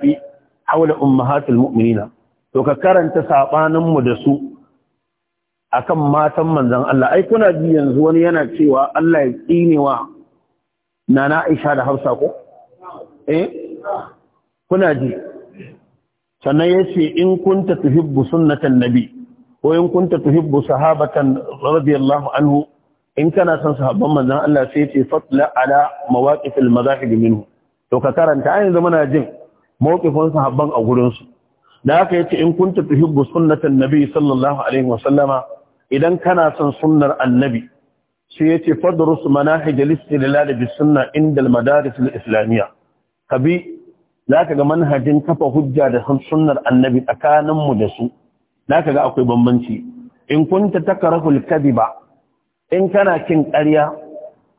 hawla ummahatil mu'minina to ka karanta sabanin mu da su akan matan manzon Allah ai kuna ji yanzu wani yana cewa Allah ya tsinewa nana Aisha da Hafsa ko eh kuna ji sannan yace in kunta tuhibbu sunnatan nabi ko in kunta tuhibbu sahabatan radiyallahu anhu in kana son sahabban manzon Allah sai ce fatla ala mawaqif al mazahib minhu to ka karanta ayin zama na jin mawqifin sahabban a gurin su da haka yace in kunta tuhibbu sunnatan nabi sallallahu alaihi wa sallama idan kana son sunnar annabi sai yace fadrus manahij al istidlal bis sunna inda al madaris al islamiyya kabi zaka ga manhajin kafa hujja da sunnar annabi tsakaninmu da su da ka ga akwai bambanci in kunta takrahul kadiba in kana kin ƙarya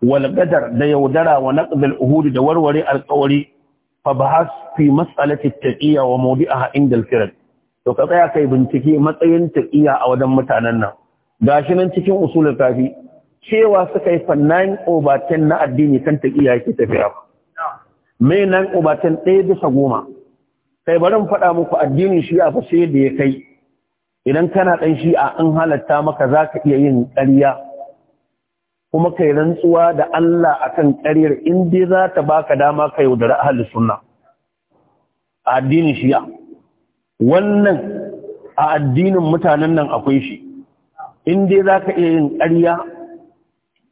wal gadar da yaudara wa naqdul uhud da warware alƙawari fa bahas fi mas'alati taqiyya wa mawdi'aha inda al-firad to ka tsaya kai bincike matsayin taqiyya a wajen mutanen nan gashi nan cikin usulul kafi cewa suka yi fannan obaten na addini kan taqiyya yake tafiya mai nan obaten ɗaya bisa goma kai bari faɗa muku addinin shi a fashe da ya kai idan kana ɗan a an halatta maka za ka iya yin ƙarya kuma ka yi rantsuwa da Allah akan ƙaryar inda za ta baka dama ka yaudara ahalus suna. a addinin shi'a wannan a addinin mutanen nan akwai shi inda za ka iya yin ƙarya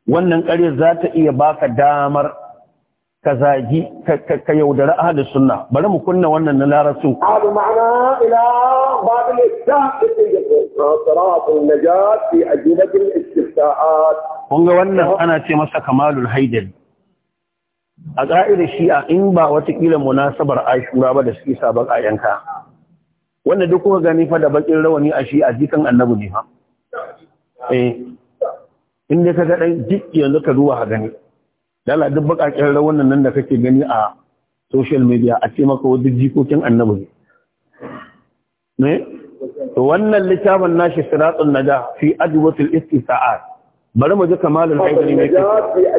wannan ƙaryar za ta iya baka damar ka zagi ka yaudari ahli suna. bari mu kunna wannan na larasu hadu ma'ana ila babil na najat fi ajibatil istihsaat kun ga wannan ana ce masa kamalul haidar a ƙa'ida shi'a in ba watakila munasabar ashura ba da suke sabon ayanka wanda duk kuka gani fa da bakin rawani a shi'a jikan annabi ne ha eh inda ka ga dan jikki yanzu ka duba ka gani dala duk bakakken rawan nan da kake gani a social media a ce maka wadda jikokin annabi ne to wannan littafin nashi siratun naja fi adwatul istisa'at bari mu ji kamalul haidari mai fi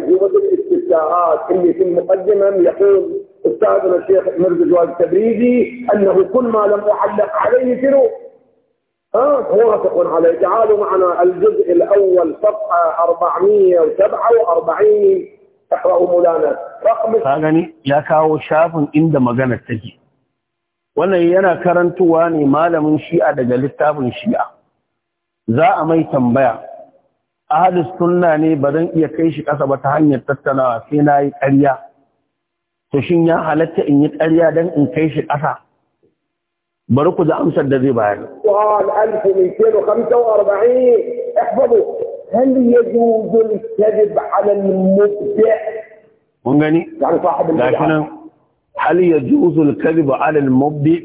adwatul istisa'at illi fi muqaddimah yaqul استاذنا الشيخ مرزق جواد التبريزي انه كل ما لم اعلق عليه شنو؟ ها موافق عليه تعالوا معنا الجزء الاول صفحه 447 ka ya kawo shafin inda magana take wannan yana karantuwa ne malamin shi'a daga littafin shi'a za a mai tambaya ahadis sunna ne ba zan iya kai shi ƙasa ba ta hanyar tattalawa sai na yi ƙarya to shin ya halatta in yi ƙarya don in kai shi ƙasa bari ku da amsar da zai bayar هل يجوز الكذب على المبدع mun gani gafinan hal ya juzul kadiba alal mubdi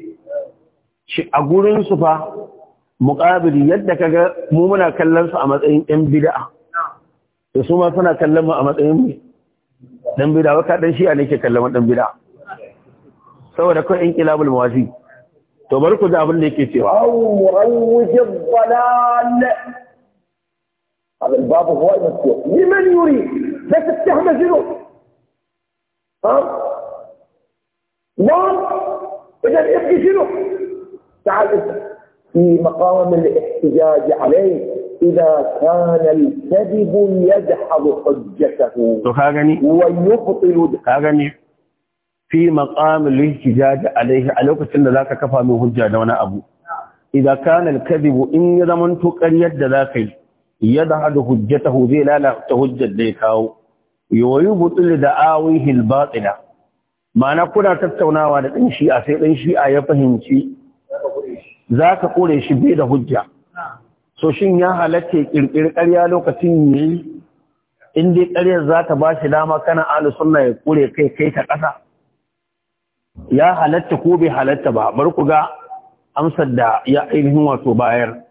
shi a gurin su fa muqabili yadda kaga mu muna kallon su a matsayin ɗan bid'a to su ma suna kallon mu a matsayin ɗan bid'a wai ka dan shi'a nake kallon ɗan bid'a saboda kai inqilabul mawasi to bari ku da abin da yake cewa aw mu'awwij ad-dalal هذا الباب هو مفتوح لمن يريد لا تستهمزنوا ها نعم اذا ابقي شنو تعال انت في مقام الاحتجاج عليه إذا كان الكذب يدحض حجته ويبطل كاغني في مقام الاحتجاج عليه على وقت ان ذاك كفى من حجه ده وانا ابو اذا كان الكذب ان يضمن تقرير ده ذاك yadhadu hujjatahu zai lalata hujjar da ya kawo yoyu butul da awihil batila ma'ana kuna tattaunawa da ɗan a sai ɗan a ya fahimci za ka kore shi bai da hujja so shin ya halatta ƙirƙiri ƙarya lokacin yi in dai ƙaryar za ta ba shi dama kana alu sunna ya kore kai kai ta ƙasa ya halatta ko bai halatta ba bar ku ga amsar da ya ainihin wato bayar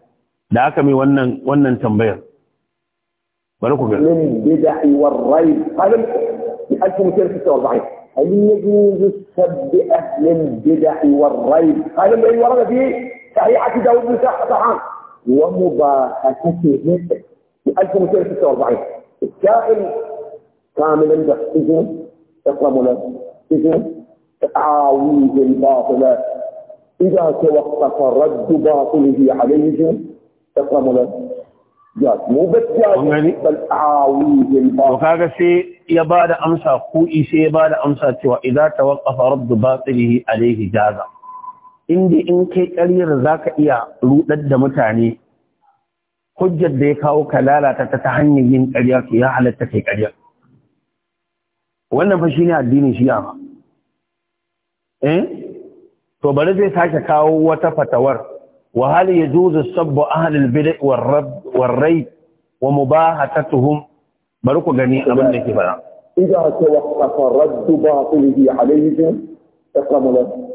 da aka mai wannan wannan tambayar bari ku ga min bid'i war rayb qalb bi 1946 هل يجوز سب اهل البدع والريب؟ هذا الذي ورد في شريعه داوود بن سحر ومباحثته في 1946 السائل كاملا بحثه اقربوا له إذن تعاويذ الباطلة إذا توقف رد باطله عليهم taqamula to kaga sai ya bada amsa ku sai ya bada amsa cewa idza tawaqqafa rabb batilihi alayhi jaza inda in kai ƙaryar zaka iya ruɗar da mutane hujjar da ya kawo ka lalata ta ta hanyar yin ƙarya ya halatta kai ƙarya wannan fa ne addinin shi'a ba eh to bari zai sake kawo wata fatawar وهل يجوز السب أهل البدع والرد والري ومباهتتهم بركو غني أبن لك فلا إذا توقف رد باطله عليهم اقرموا له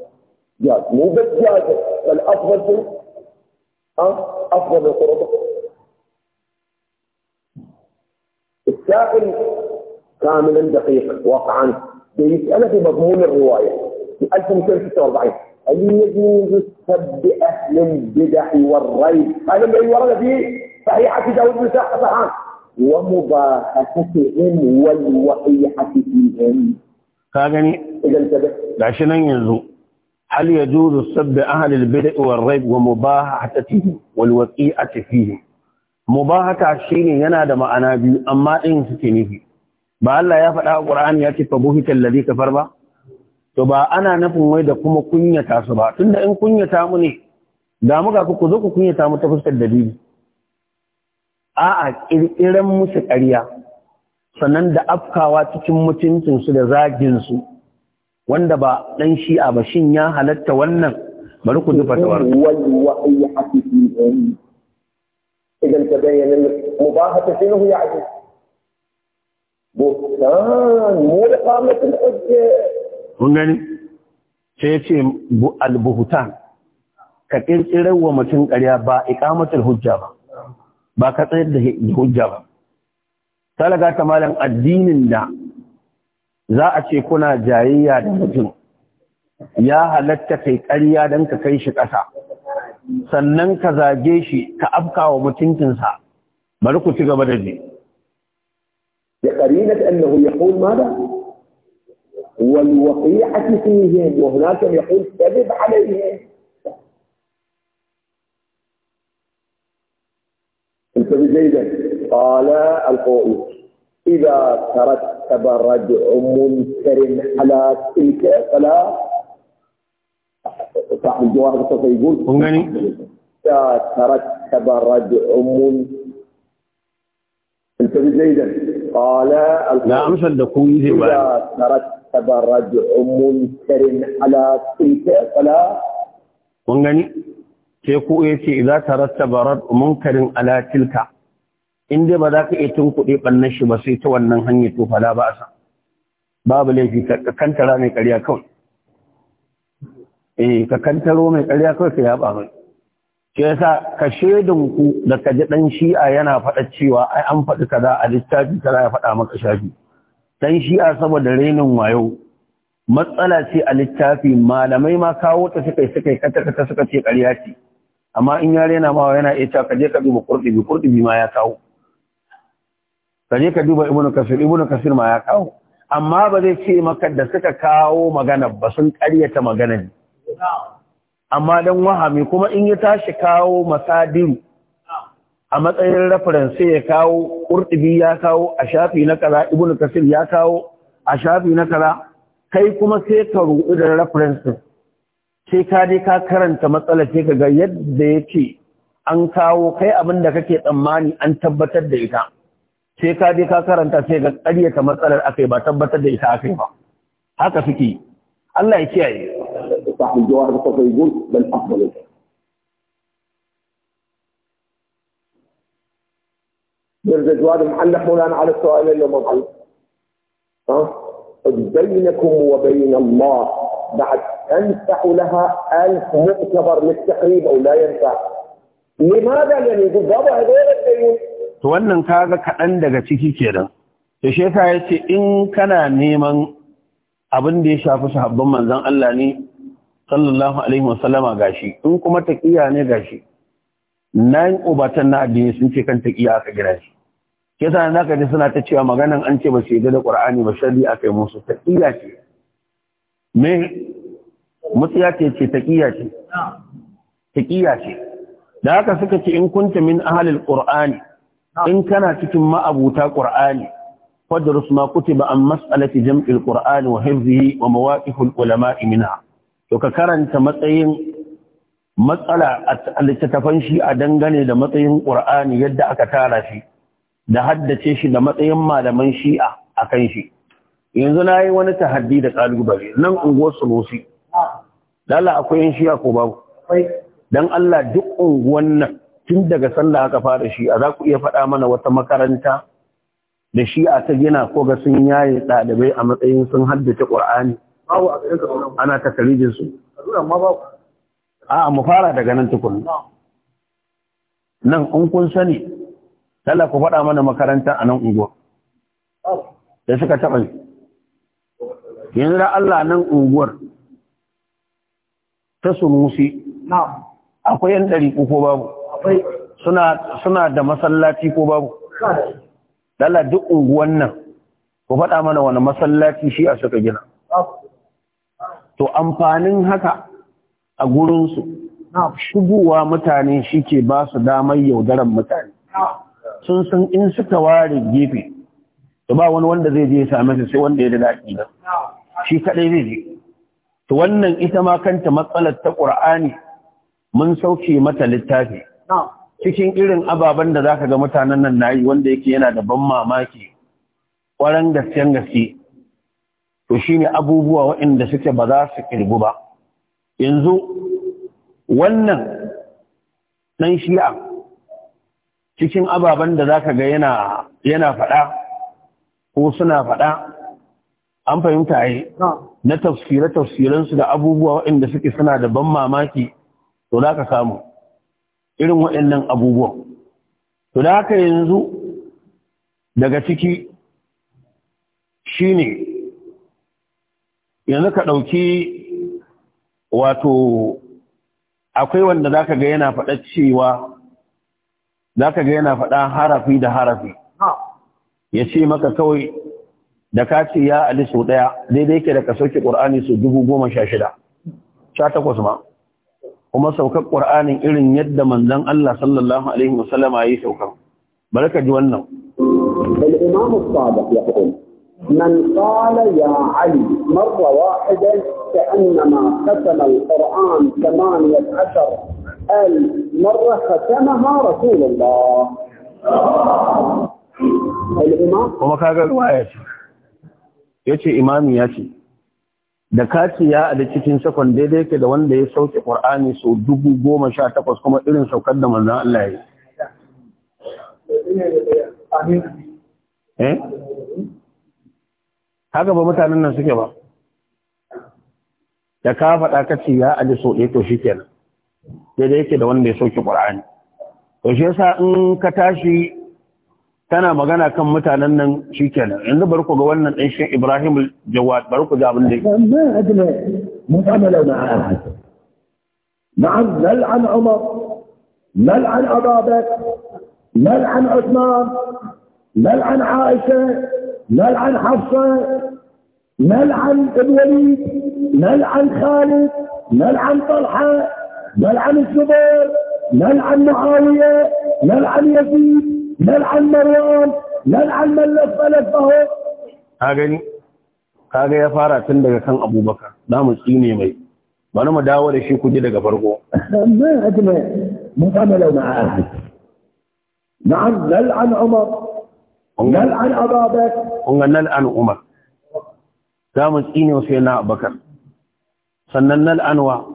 جاز مو بس جاز بل أفضل شيء أفضل القرب السائل كاملا دقيقا واقعا بيسأله في مضمون الرواية في 1946 هل يجوز سب أهل البدع والريب هذا الذي ورد في صحيحة داود بن سحان ومباحثتهم والوقيحة فيهم فاغني يعني إذا انتبه عشان ينزو هل يجوز السب أهل البدع والريب ومباحثتهم والوقيعة فيهم مباحثة شيء ينادى معنا بي أما إن سكنه ba لا يفعل القرآن يأتي Qur'ani الذي كفر fa to ba ana nufin wai da kuma kunyata su ba tunda in kunyata mu ne da muka ku zo ku kunyata mu ta fuskar dalili a'a kirkiran musu ƙarya sannan da afkawa cikin mutuncin su da zagin su wanda ba dan a ba shin ya halatta wannan bari ku dufa tawar idan bayyana mubahata ajin bo ta ah, mu da qamatul hujja kun gani sai ce albuhutan ka kirkirar wa mutum ƙarya ba iqamatul hujja ba ba ka tsayar da hujja ba talaga ta malam addinin da za a ce kuna jayayya da mutum ya halatta kai ƙarya don ka kai shi ƙasa sannan ka zage shi ka afka wa mutuncinsa bari ku ci gaba da ji ya ƙari na annahu ya da? والوقيعة فيهم وهناك يقول كذب عليهم انتبه جيدا قال القائل إذا ترتب ردع منكر على تلك فلا صاحب الجواب القصصي يقول إذا ترتب ردع من انتبه جيدا قال لا مش عندكم إذا ترتب مرتب رجع منكر على تلك فلا kun gani sai ku ya ce idza tarattaba rad munkarin ala tilka in dai ba za ka iya tunkuɗe bannan shi ba sai ta wannan hanyar to fala ba sa babu laifi ka kantara mai kariya kawai eh ka kantaro mai kariya kawai ka yaba mai shi yasa ka shedin ku da ka ji dan shi'a yana faɗa cewa ai an faɗi kaza a littafi kaza ya faɗa maka shafi dan a saboda renin wayo matsala ce a littafi malamai ma kawo ta suka suka kata kata suka ce ƙarya ce amma in ya rena ma yana iya ta kaje ka duba kurdubi kurdubi ma ya kawo kaje ka duba ibnu kasir ibnu kasir ma ya kawo amma ba zai ce maka da suka kawo magana ba sun ƙaryata magana ne amma dan wahami kuma in ya tashi kawo masadiru a matsayin reference ya kawo ƙurɗibi ya kawo a shafi na kaza ibnu kasir ya kawo a shafi na kaza kai kuma sai ka ruɗu da reference sai ka je ka karanta matsala sai ka ga yadda ya ce an kawo kai abin da kake tsammani an tabbatar da ita sai ka je ka karanta sai ga ƙaryata matsalar akai ba tabbatar da ita akai ba haka suke Allah ya kiyaye. من رجوان معلق مولانا على السؤال اللي معلق ها بينكم وبين الله بعد تنفع لها ألف مؤتبر للتقريب أو لا ينفع لماذا لأن يقول بابا هذول الديون wannan kaga kaɗan daga ciki kenan da shefa ya ce in kana neman abin da ya shafi sahabban manzon Allah ne sallallahu alaihi wasallama gashi in kuma taqiya ne gashi nan ubatan na addini sun ce kan taqiya aka gina shi kisa nan ka ji suna ta cewa maganan an ce ba su yadda da Qur'ani ba shari aka yi musu ce me mutiya ce ce ta ce ce da haka suka ce in kunta min ahlil qur'ani in kana cikin ma'abuta qur'ani fadrus ma kutiba an mas'alati jam'il qur'ani wa hifzihi wa mawaqif minha to ka karanta matsayin matsala a littattafan shi a dangane da matsayin ƙur'ani yadda aka tara shi da haddace shi da matsayin malaman shi'a a kan shi yanzu na yi wani tahaddi da ƙalubale nan unguwar sulusi lala akwai yin shi'a ko babu don allah duk unguwan nan tun daga sallah aka fara shi'a za ku iya faɗa mana wata makaranta da shi'a ta gina ko ga sun yaye ɗalibai a matsayin sun haddace ƙur'ani ana takarijinsu a'a mu fara daga nan tukun nan in kun sani talla ku faɗa mana makaranta a nan unguwa da suka taɓa yanzu da Allah nan unguwar ta sunusi akwai yan ɗari ko babu suna da masallaci ko babu lala duk unguwan nan ku faɗa mana wani masallaci shi a suka gina to amfanin haka a gurinsu shigowa mutane shi ke ba su damar yaudaran mutane sun san in suka ware gefe to ba wani wanda zai je ya same su sai wanda ya da aƙida shi kadai zai je to wannan ita ma kanta matsalar ta ƙur'ani mun sauke mata littafi cikin irin ababen da zaka ga mutanen nan nayi wanda yake yana da ban mamaki ƙwaran gaskiyan gaske to shine abubuwa waɗanda suke ba za su ƙirgu ba yanzu wannan ɗan shi'a cikin ababen da za ka ga yana faɗa ko suna faɗa an fahimta yi na tafsire-tafsirensu da abubuwa waɗanda suke suna da ban mamaki to za ka samu irin waɗannan abubuwan to da haka yanzu daga ciki shine yanzu ka ɗauki wato akwai wanda zaka ga yana faɗa cewa zaka ga yana faɗa harafi da harafi ya ce maka kawai da ka ce ya ali sau ɗaya daidai ke da ka sauke ƙur'ani sau dubu goma sha shida sha takwas ma kuma saukar ƙur'anin irin yadda manzan Allah sallallahu alaihi wasallam ya yi saukar barka ji wannan الإمام الصادق يقول من قال يا علي مرة واحدة كأنما ختم القرآن ثمانية عشر المرة ختمها رسول الله الإمام وما كان imami ya ce da kaci ya da cikin sakon daidai ke da wanda ya sauke ƙwar'ani sau dubu goma sha takwas kuma irin saukar da manzan Allah ya yi. Haka ba mutanen nan suke ba. da ka faɗa ka ce ya aji so ɗaya to shikenan sai daidai yake da wanda ya soki Qur'ani to shi yasa in ka tashi kana magana kan mutanen nan shikenan yanzu bari ku ga wannan ɗan shi ibrahim jawad bari ku ga abin da ما أدنى متعاملة مع أحد نعم نلعن عمر نلعن أبا بكر نلعن عثمان نلعن عائشة نلعن حفصة نلعن الوليد نلعن خالد نلعن طلحة نلعن الزبير نلعن معاوية نلعن يزيد نلعن مروان نلعن من لف لفه هاجني kaga ya fara tun daga kan abubakar namu tsine mai bari mu dawo da shi kuje daga farko ma ajma mun kama lau ma ahli na'am nal'an umar nal'an ababak nal'an umar za mu tsine wasu yana abakar sannan nan anwa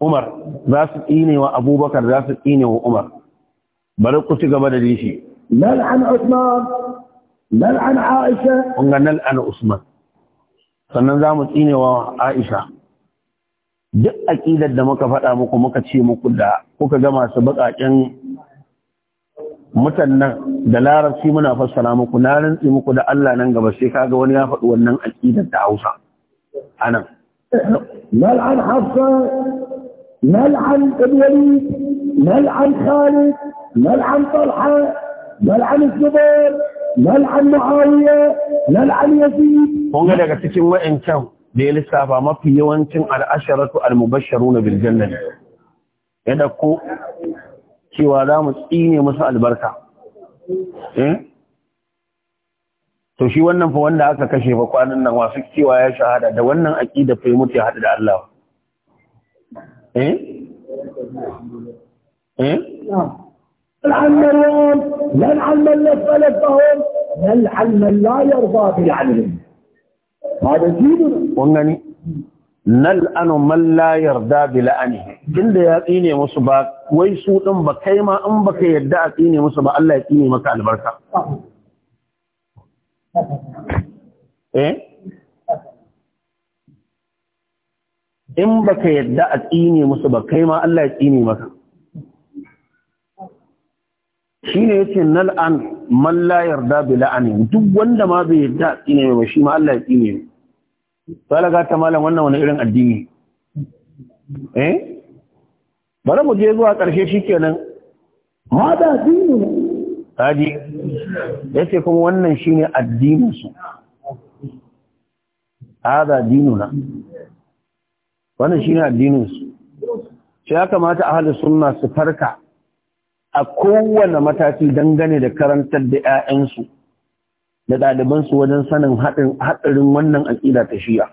umar za su tsine wa abubakar za su tsine wa umar bari ku ci gaba da dishi lal'an usman lal'an aisha kun ga usman sannan za mu tsine wa aisha duk aƙidar da muka faɗa muku muka ce muku da kuka gama su baƙaƙen mutannan da larabci muna fassara muku na rantsi muku da Allah nan gaba sai kaga wani ya faɗi wannan aqidar da Hausa anan mal'an hafsa mal'an ibni mal'an khalid mal'an talha mal'an zubair mal'an muawiya mal'an yazid kun ga daga cikin wa'ancan da ya lissafa mafi yawancin al'asharatu al-mubashsharuna bil jannah yadda ko cewa za mu tsine musu albarka eh? to shi wannan fa wanda aka kashe fa kwanan nan wasu cewa ya shahada da wannan aqida fa mutu ya hada da Allah eh eh لعن من لعن من نفل فهم لعن من لا يرضى بلعنهم هذا ديننا ونني نلعن من لا يرضى بلعنه tunda ya tsine musu ba wai su ɗin ba kai ma in baka yadda a tsine musu ba Allah ya tsine maka albarka. Eh? In baka yadda a tsine musu ba kai ma Allah ya tsine maka. Shi ne yake nal'an man la yarda bi la'ani duk wanda ma bai yadda a tsine ba shi ma Allah ya tsine. Salaga ta malam wannan wani irin addini. Eh? bari mu je zuwa ƙarshe shikenan ma da dini ya yace kuma wannan shine addinin su hada dinuna wannan shine addinin su sai ya kamata ahlus sunna su farka a kowane mataki dangane da karantar da 'ya'yansu da ɗalibansu wajen sanin haɗarin wannan aƙida ta shiya.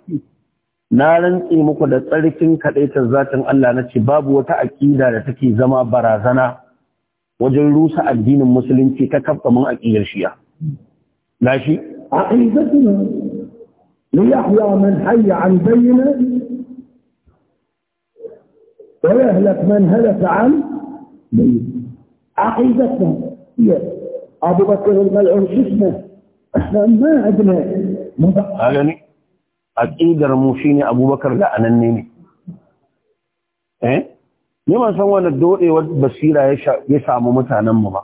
na rantse muku da tsarkin kaɗaitar zatin Allah na ce babu wata aƙida da take zama barazana wajen rusa addinin musulunci ta kafa mun aƙidar shiya. Lashi? Aƙidatuna ليحيى من حي عن بينه ويهلك من هلك عن بينه عقيدتنا هي أبو بكر الملعون اسمه احنا ما عندنا هذا aqidar mu shine abubakar la'ananne ne eh ni ban san wani dodewar basira ya samu mutanen mu ba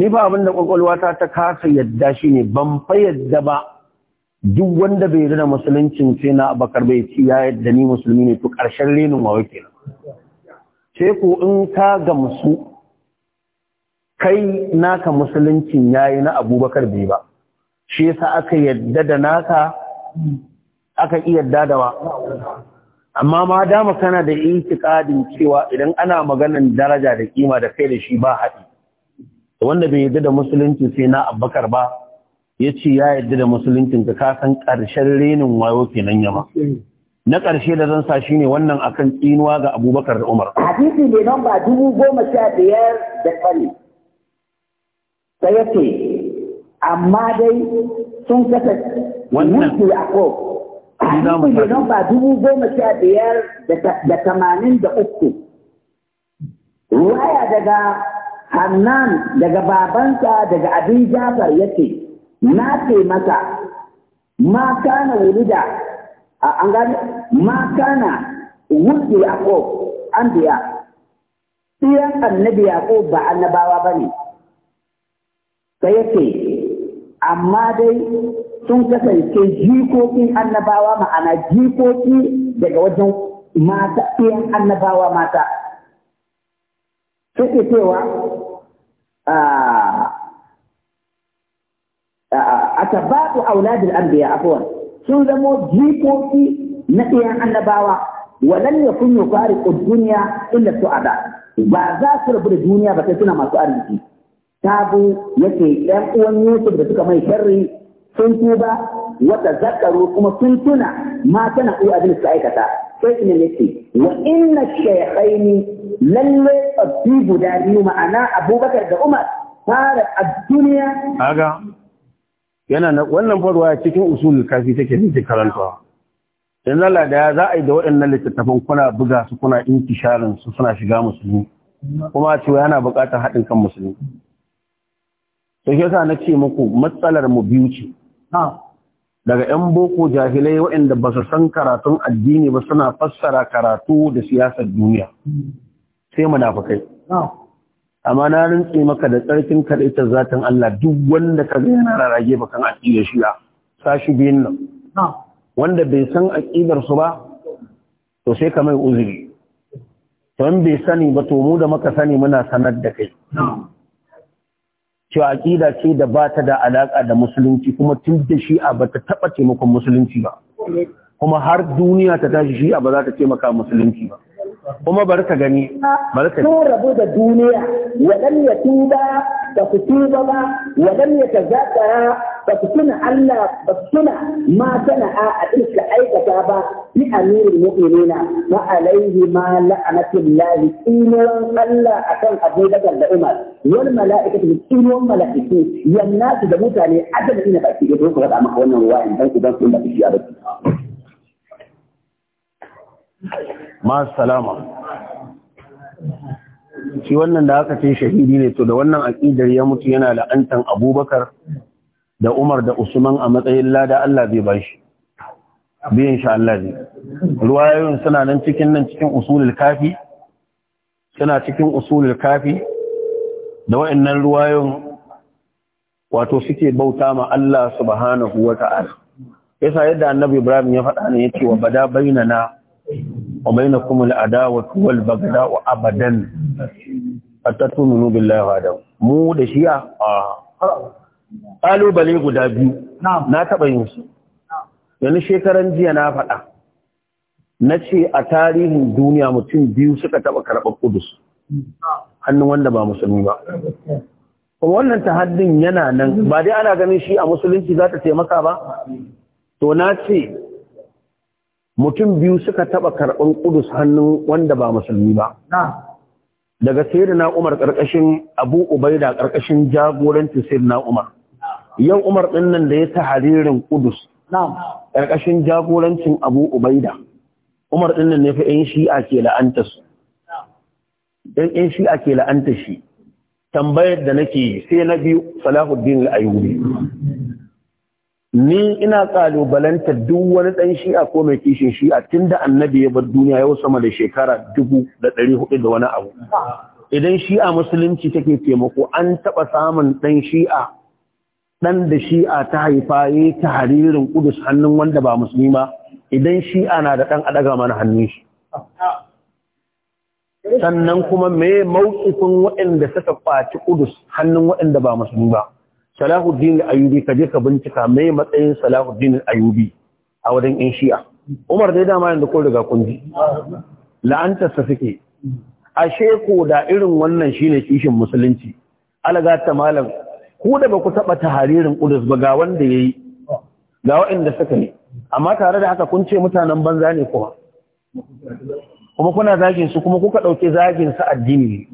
ni ba abinda kwakwalwata ta kasa yadda shine ban fa yadda ba duk wanda bai yarda musuluncin sai na abakar bai ci ya yadda ni musulmi ne to karshen renin wawa kenan sai ko in ka gamsu kai naka musuluncin yayi na abubakar bai ba shi yasa aka yadda da naka aka iya dadawa amma ma dama kana da intiqadin cewa idan ana maganan daraja da kima da kai da shi ba haɗi wanda bai yarda da musulunci sai na abbakar ba ya ce ya yarda da musuluncin ka kasan ƙarshen renin wayo kenan yama na ƙarshe da zan sa shi ne wannan akan tsinuwa ga abubakar da umar hadisi ne namba dubu goma sha biyar da tsari sai ya ce amma dai sun kasa wannan a ko ni miliyan ba dubu goma sha biyar da tamanin da uku. Ruwaya daga Hannan daga babansa daga abin Jafar yake na ce masa ma kana wulida an gane ma kana wulde Yaqub an biya iyan annabi Yaqub ba annabawa bane sai yake amma dai sun kasance jikokin annabawa ma'ana jikoki daga wajen mata ɗayan annabawa mata. Suke cewa a tabbatu auladul anbiya afwan sun zama jikoki na ɗayan annabawa walan yakun yufariqu su illa ada ba za su rabu da duniya ba sai suna masu arziki. Tabu yake ɗan uwan Yusuf da suka mai sharri sun tuba wata zakaru kuma sun tuna ma tana iya abin su aikata sai ina nufi wa inna shaykhaini lalle abdi guda biyu ma'ana abubakar da umar fara a duniya aga yana wannan farwa cikin usul kafi take ne karantawa in Allah da za a yi da waɗannan littattafan kuna buga su kuna intisharin su suna shiga musulmi kuma cewa yana buƙatar haɗin kan musulmi sai ya yasa na ce muku matsalar mu biyu ce daga 'yan boko jahilai waɗanda ba su san karatun addini ba suna fassara karatu da siyasar duniya sai munafukai amma na rintse maka da tsarkin kaɗaitar zatin Allah duk wanda ka zai yana rarage ba kan aƙida shi a sashi biyun nan wanda bai san aƙidar su ba to sai ka mai uzuri to bai sani ba to mu da maka sani muna sanar da kai cewa aƙida ce da ba ta da alaƙa da musulunci kuma tun da shi'a ba ta taɓa taimakon musulunci ba kuma har duniya ta tashi shi'a ba za ta taimaka musulunci ba kuma bari ka gani bari ka gani. rabu da duniya waɗan ya tuba da kutuba ba ba su tuna Allah ba su tuna ma sana'a a ɗin ka aikata ba bi amirin mu'minina wa alaihi ma la'anatin lahi tsinuwan Allah akan Abu Bakar da Umar wal mala'ikatu bi tsinuwan mala'iku yannasu da mutane adana ina baki da ku faɗa maka wannan ruwayan dan ku dan ku da shi a baki ma salama shi wannan da aka ce shahidi ne to da wannan aƙidar ya mutu yana la'antan abubakar da Umar da Usman a matsayin lada Allah zai ba shi biyan shi Allah zai ruwayoyin suna nan cikin nan cikin usulul kafi suna cikin usulul kafi da wayannan ruwayoyin wato suke bauta ma Allah subhanahu wata'ala yasa yadda annabi Ibrahim ya faɗa ne yace wa bada bainana wa bainakum al-adawatu wal wa abadan fatatunu billahi wa mu da shi'a ƙalubale guda biyu na taɓa yin su yanzu shekaran jiya na faɗa na ce a tarihin duniya mutum biyu suka taɓa karɓar kudus hannun wanda ba musulmi ba kuma wannan tahaddin yana nan ba dai ana ganin shi a musulunci za ta taimaka ba to na ce mutum biyu suka taɓa karɓar kudus hannun wanda ba musulmi ba daga na umar ƙarƙashin abu ubaida ƙarƙashin jagorancin na umar yau umar ɗin nan da ya Haririn, kudus ƙarƙashin jagorancin abu ubaida umar ɗin nan ne fa yan shi'a ke la'anta su dan yan shi'a ke la'anta shi tambayar da nake sai na biyu salahuddin al-ayyubi ni ina kalubalantar duk wani ɗan shi'a ko mai kishin shi'a tun da annabi ya bar duniya yau sama da shekara dubu da ɗari hudu da wani abu idan shi'a musulunci take taimako an taɓa samun ɗan shi'a ɗan da shi'a ta haifa yi ta haririn kudus hannun wanda ba musulmi ba idan shi'a na da ɗan adaga mana hannun shi sannan kuma me mawqifin waɗanda suka kwaci kudus hannun waɗanda ba musulmi ba Salahuddin Ayyubi ka je ka bincika mai matsayin Salahuddin Ayyubi a wajen ƴan shi'a Umar dai dama yanda ko riga kun ji La'antarsa suke ashe ko da irin wannan shine kishin musulunci alaga ta malam ku da ba ku taɓa taharirin ƙudus ba ga wanda ya yi ga waɗanda suka ne. amma tare da haka kun ce mutanen banza ne kuma kuma kuna zagin su kuma kuka ɗauke zagin su addini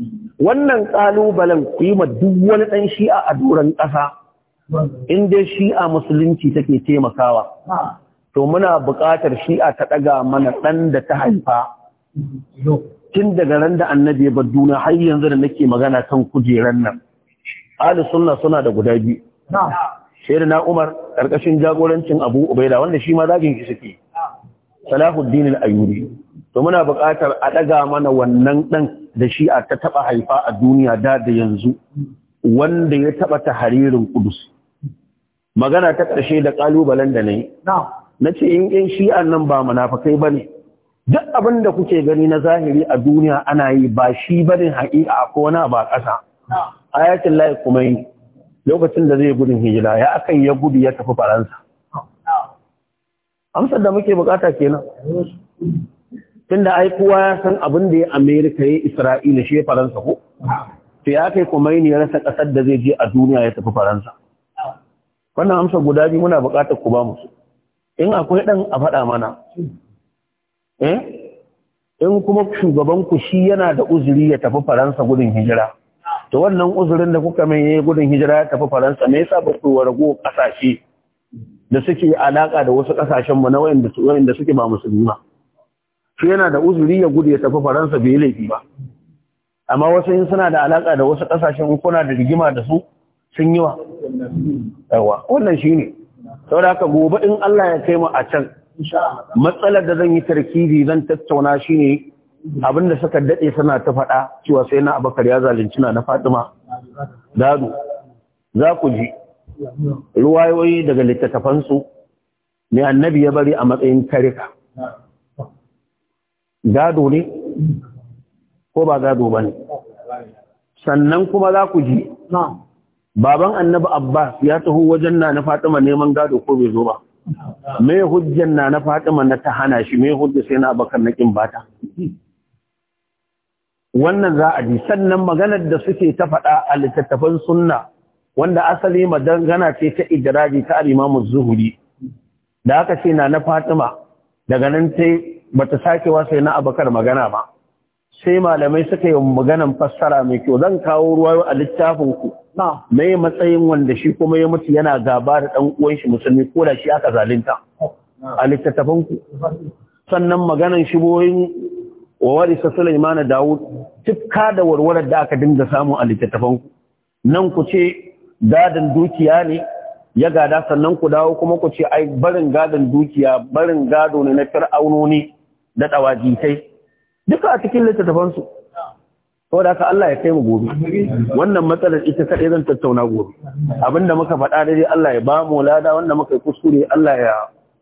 wannan ƙalubalen ku yi ma duk wani ɗan shi'a a doron ƙasa in dai shi'a musulunci take taimakawa to muna buƙatar shi'a ta ɗaga mana ɗan da ta haifa tun daga ran da annabi ya bar duna har yanzu da nake magana kan kujeran nan ahli sunna suna da guda biyu sai na Umar karkashin jagorancin Abu Ubaida wanda shi ma zagin shi suke Salahuddin al-Ayyubi to muna buƙatar a daga mana wannan dan da shi a ta taba haifa a duniya da da yanzu wanda ya taba Haririn Qudus magana ta ƙarshe da kalubalen da nayi nace in in shi nan ba munafikai bane duk abin da kuke gani na zahiri a duniya ana yi ba shi bane haƙiƙa ko wani ba ƙasa ayatul lahi kumai lokacin da zai gudun hijira ya akan ya gudu ya tafi faransa amsar da muke bukata kenan tunda ai kowa ya san abin da ya amerika ya isra'ila shi faransa ko to ya kai kumai ya rasa kasar da zai je a duniya ya tafi faransa wannan amsa guda biyu muna bukatar ku ba mu in akwai dan a faɗa mana eh in kuma shugaban ku shi yana da uzuri ya tafi faransa gudun hijira to wannan uzurin da kuka mai gudun hijira ya tafi Faransa me yasa ba ku rago kasashe da suke alaka da wasu kasashen mu na wayanda wayanda suke ba musulmi ba shi yana da uzuri ya gudu ya tafi Faransa bai laifi ba amma wasu in suna da alaka da wasu kasashen kuna da rigima da su sun yi wa yawa wannan shine saboda haka gobe in Allah ya kai mu a can matsalar da zan yi tarkibi zan tattauna shine Abin da suka daɗe suna ta faɗa cewa sai na abakar ya zalunci na fatima gado za ku ji ruwayoyi daga littattafansu mai annabi ya bari a matsayin karika gado ne ko ba gado ba ne sannan kuma za ku ji baban annabi abbas ya taho wajen na na fatima neman gado ko bai zo ba mai hujjan na na fatima na ta hana shi mai hujja sai na abakar na kin bata wannan za a ji sannan maganar da suke ta faɗa a littattafan sunna wanda asali magana ce ta ijiraji ta al-Imam da aka ce na na Fatima daga nan sai bata sake wa sai na Abakar magana ba sai malamai suka yi maganan fassara mai kyau zan kawo ruwa a littafin ku yi matsayin wanda shi kuma ya mutu yana gaba da dan uwan shi musulmi ko da shi aka zalunta a littattafan ku sannan maganan shiboyin wa warisa Sulaiman Dawud tifka da warwarar da aka dinga samu a littattafan ku nan ku ce gadan dukiya ne ya gada sannan ku dawo kuma ku ce ai barin gadan dukiya barin gado ne na fir'aunoni da dawajitai duka a cikin littattafan su saboda haka Allah ya kai mu gobe wannan matsalar ita kaɗai zan tattauna gobe abinda muka faɗa dai Allah ya ba mu lada wannan muka yi kuskure Allah ya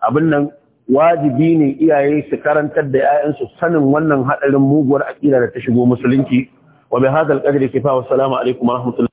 abin nan wajibi ne iyaye su karantar da 'ya'yansu sanin wannan haɗarin muguwar aƙida da ta shigo musulunci wa bi hadal qadri kifa wa alaikum wa rahmatullahi